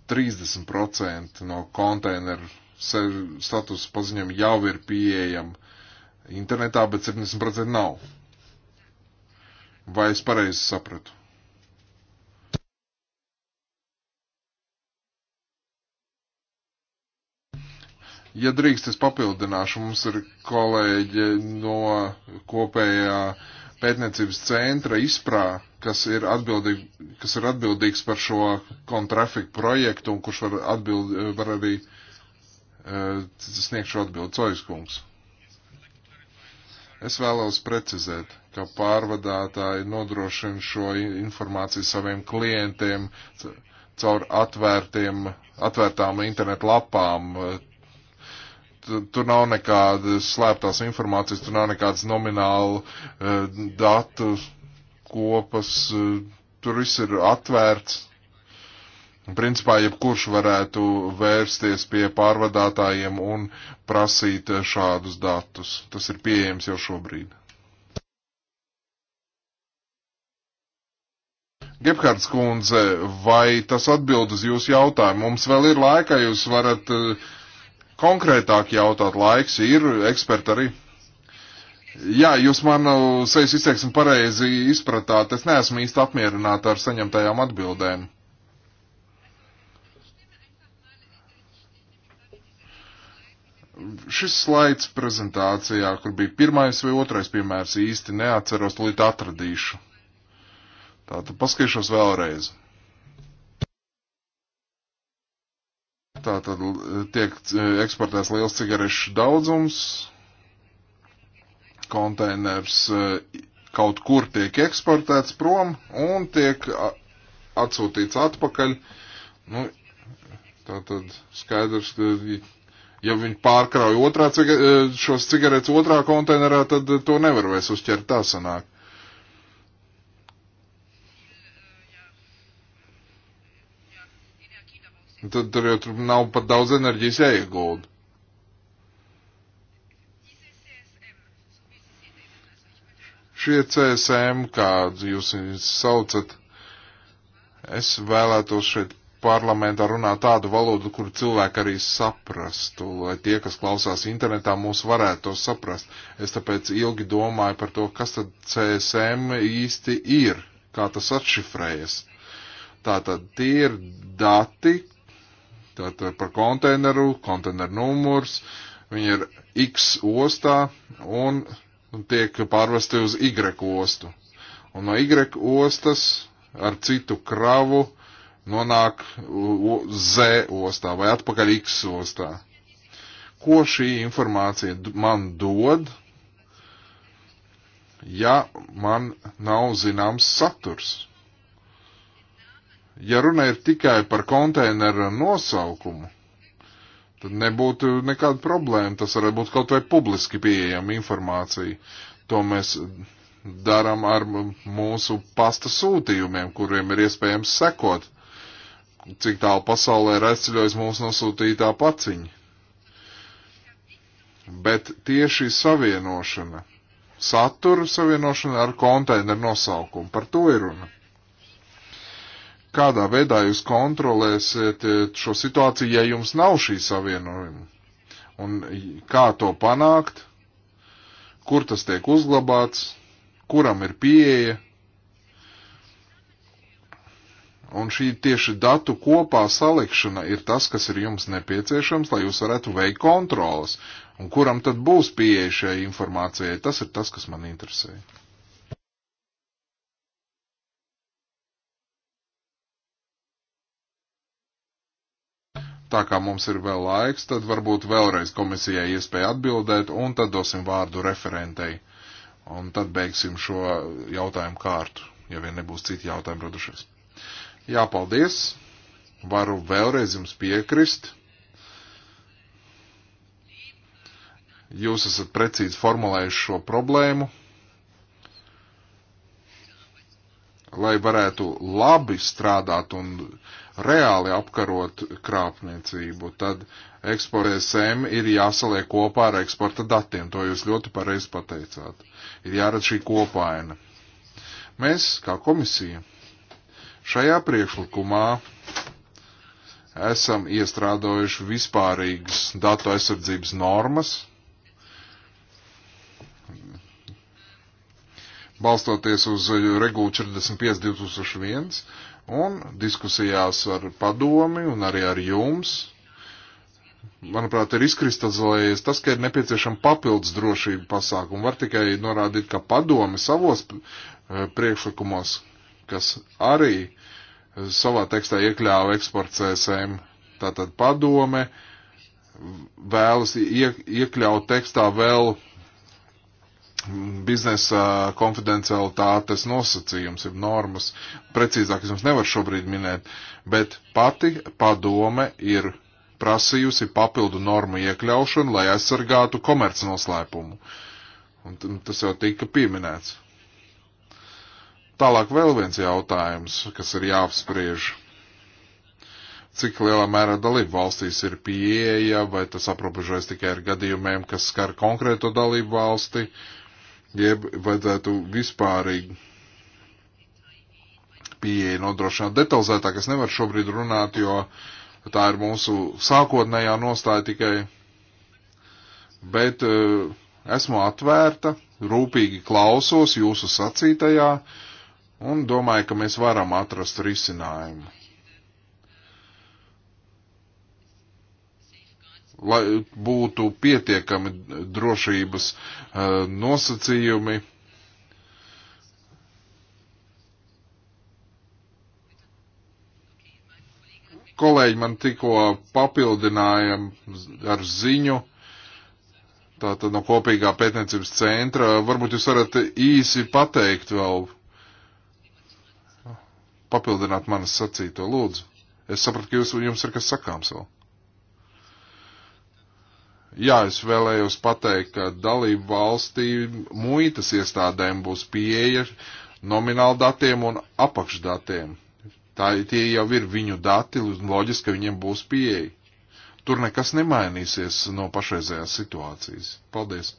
Trīsdesmit procenti no konteineru statusu paziņojumu jau ir pieejama internetā, bet 70% nav. Vai es pareizi sapratu? Ja drīkst, es papildināšu. Mums ir kolēģi no kopējā pētniecības centra ISPRā, kas ir, atbildīgi, kas ir atbildīgs par šo kontrafiku projektu un kurš var, atbild, var arī uh, sniegt šo atbildi. Cojas kungs. Es vēlos precizēt, ka pārvadātāji nodrošina šo informāciju saviem klientiem caur atvērtiem, atvērtām internetu lapām, tur nav nekādas slēptās informācijas, tur nav nekādas nominālu eh, datu kopas, eh, tur viss ir atvērts. Principā jebkurš varētu vērsties pie pārvadātājiem un prasīt eh, šādus datus. Tas ir pieejams jau šobrīd. Gebhards kundze, vai tas atbild uz jūsu jautājumu? Mums vēl ir laika, jūs varat uh, konkrētāk jautāt, laiks ir, eksperti arī. Jā, jūs manu uh, sejas izteiksmi pareizi izpratāt. Es neesmu īsti apmierināta ar saņemtajām atbildēm. Šis slaids prezentācijā, kur bija pirmais vai otrais piemērs, īsti neatceros, līdz atradīšu. Tātad paskatīšos vēlreiz. Tā tad eh, tiek eh, eksportēts liels cigarešu daudzums, konteiners eh, kaut kur tiek eksportēts prom un tiek atsūtīts atpakaļ. Nu, tā tad skaidrs, ka ja viņi pārkrauj otrā ciga šos cigaretes otrā konteinerā, tad to nevar vairs uzķert tā sanāk. Tad tur jau tur nav pat daudz enerģijas jāiegulda. Šie CSM, kā jūs viņus saucat, es vēlētos šeit parlamentā runā tādu valodu, kuru cilvēki arī saprastu, lai tie, kas klausās internetā, mūs varētu to saprast. Es tāpēc ilgi domāju par to, kas tad CSM īsti ir, kā tas atšifrējas. Tātad tie ir dati, Tātad par konteineru, konteineru numurs, viņi ir X ostā un tiek pārvesti uz Y ostu. Un no Y ostas ar citu kravu nonāk Z ostā vai atpakaļ X ostā. Ko šī informācija man dod, ja man nav zināms saturs? Ja runa ir tikai par konteineru nosaukumu, tad nebūtu nekāda problēma. Tas varētu būt kaut vai publiski pieejama informācija. To mēs darām ar mūsu pasta sūtījumiem, kuriem ir iespējams sekot, cik tālu pasaulē ir aizceļojis mūsu nosūtītā paciņa. Bet tieši savienošana, satura savienošana ar konteineru nosaukumu, par to ir runa kādā veidā jūs kontrolēsiet eh, šo situāciju, ja jums nav šī savienojuma? Un kā to panākt? Kur tas tiek uzglabāts? Kuram ir pieeja? Un šī tieši datu kopā salikšana ir tas, kas ir jums nepieciešams, lai jūs varētu veikt kontrolas. Un kuram tad būs pieeja šai informācijai? Tas ir tas, kas man interesē. Tā kā mums ir vēl laiks, tad varbūt vēlreiz komisijai iespēja atbildēt, un tad dosim vārdu referentei. Un tad beigsim šo jautājumu kārtu, ja vien nebūs citi jautājumi radušies. Jā, paldies! Varu vēlreiz jums piekrist. Jūs esat precīzi formulējuši šo problēmu. Lai varētu labi strādāt un uh, reāli apkarot krāpniecību, tad eksportēsēm ir jāsaliek kopā ar eksporta datiem. To jūs ļoti pareizi pateicāt. Ir jārada šī kopaina. Mēs, kā komisija, šajā priekšlikumā esam iestrādājuši vispārīgas datu aizsardzības normas, balstoties uz regulu 45.2001, Un diskusijās ar padomi un arī ar jums, manuprāt, ir izkristalizējies tas, ka ir nepieciešama papildus drošība pasākuma. Var tikai norādīt, ka padomi savos eh, priekšlikumos, kas arī eh, savā tekstā iekļāva eksporta CSM, tātad padome vēlas ie, iekļaut tekstā vēl biznesa konfidencialitātes nosacījums, ir normas. Precīzāk es jums nevaru šobrīd minēt, bet pati padome ir prasījusi papildu normu iekļaušanu, lai aizsargātu komerc noslēpumu. Un nu, tas jau tika pieminēts. Tālāk vēl viens jautājums, kas ir jāapspriež. Cik lielā mērā dalību valstīs ir pieeja, vai tas aprobežojas tikai ar gadījumiem, kas skar konkrēto dalību valsti, uh, jeb vajadzētu vispārīgi pieeja nodrošināt detalizētāk. Es nevaru šobrīd runāt, jo tā ir mūsu sākotnējā nostāja tikai. Bet uh, esmu atvērta, rūpīgi klausos jūsu sacītajā un domāju, ka mēs varam atrast risinājumu. lai būtu pietiekami drošības eh, nosacījumi. Kolēģi man tikko papildināja ar ziņu, tātad no kopīgā pētniecības centra. Varbūt jūs varat īsi pateikt vēl, papildināt manas sacīto lūdzu. Es sapratu, ka jūs, jums ir kas sakāms vēl. Jā, es vēlējos pateikt, ka dalību valstī muitas iestādēm būs pieeja nomināla datiem un apakšdatiem. Tā, tie jau ir viņu dati, loģiski, ka viņiem būs pieeja. Tur nekas nemainīsies no pašreizējās situācijas. Paldies!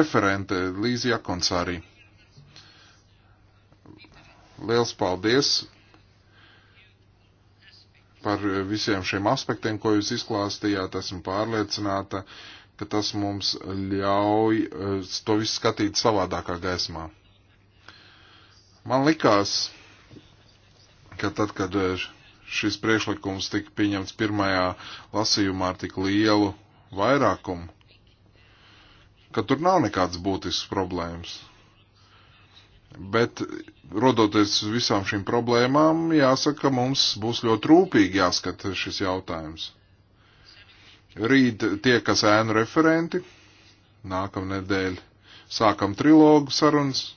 Referente Līzija Konsārija. Liels paldies par visiem šiem aspektiem, ko jūs izklāstījāt. Esmu pārliecināta, ka tas mums ļauj eh, to visu skatīt savādākā gaismā. Man likās, ka tad, kad eh, šis priekšlikums tika pieņemts pirmajā lasījumā ar tik lielu vairākumu, ka tur nav nekādas būtiskas problēmas. Bet, rodoties uz visām šīm problēmām, jāsaka, mums būs ļoti rūpīgi jāskata šis jautājums. Rīt tie, kas ēnu referenti, nākamnedēļ sākam trilogu sarunas,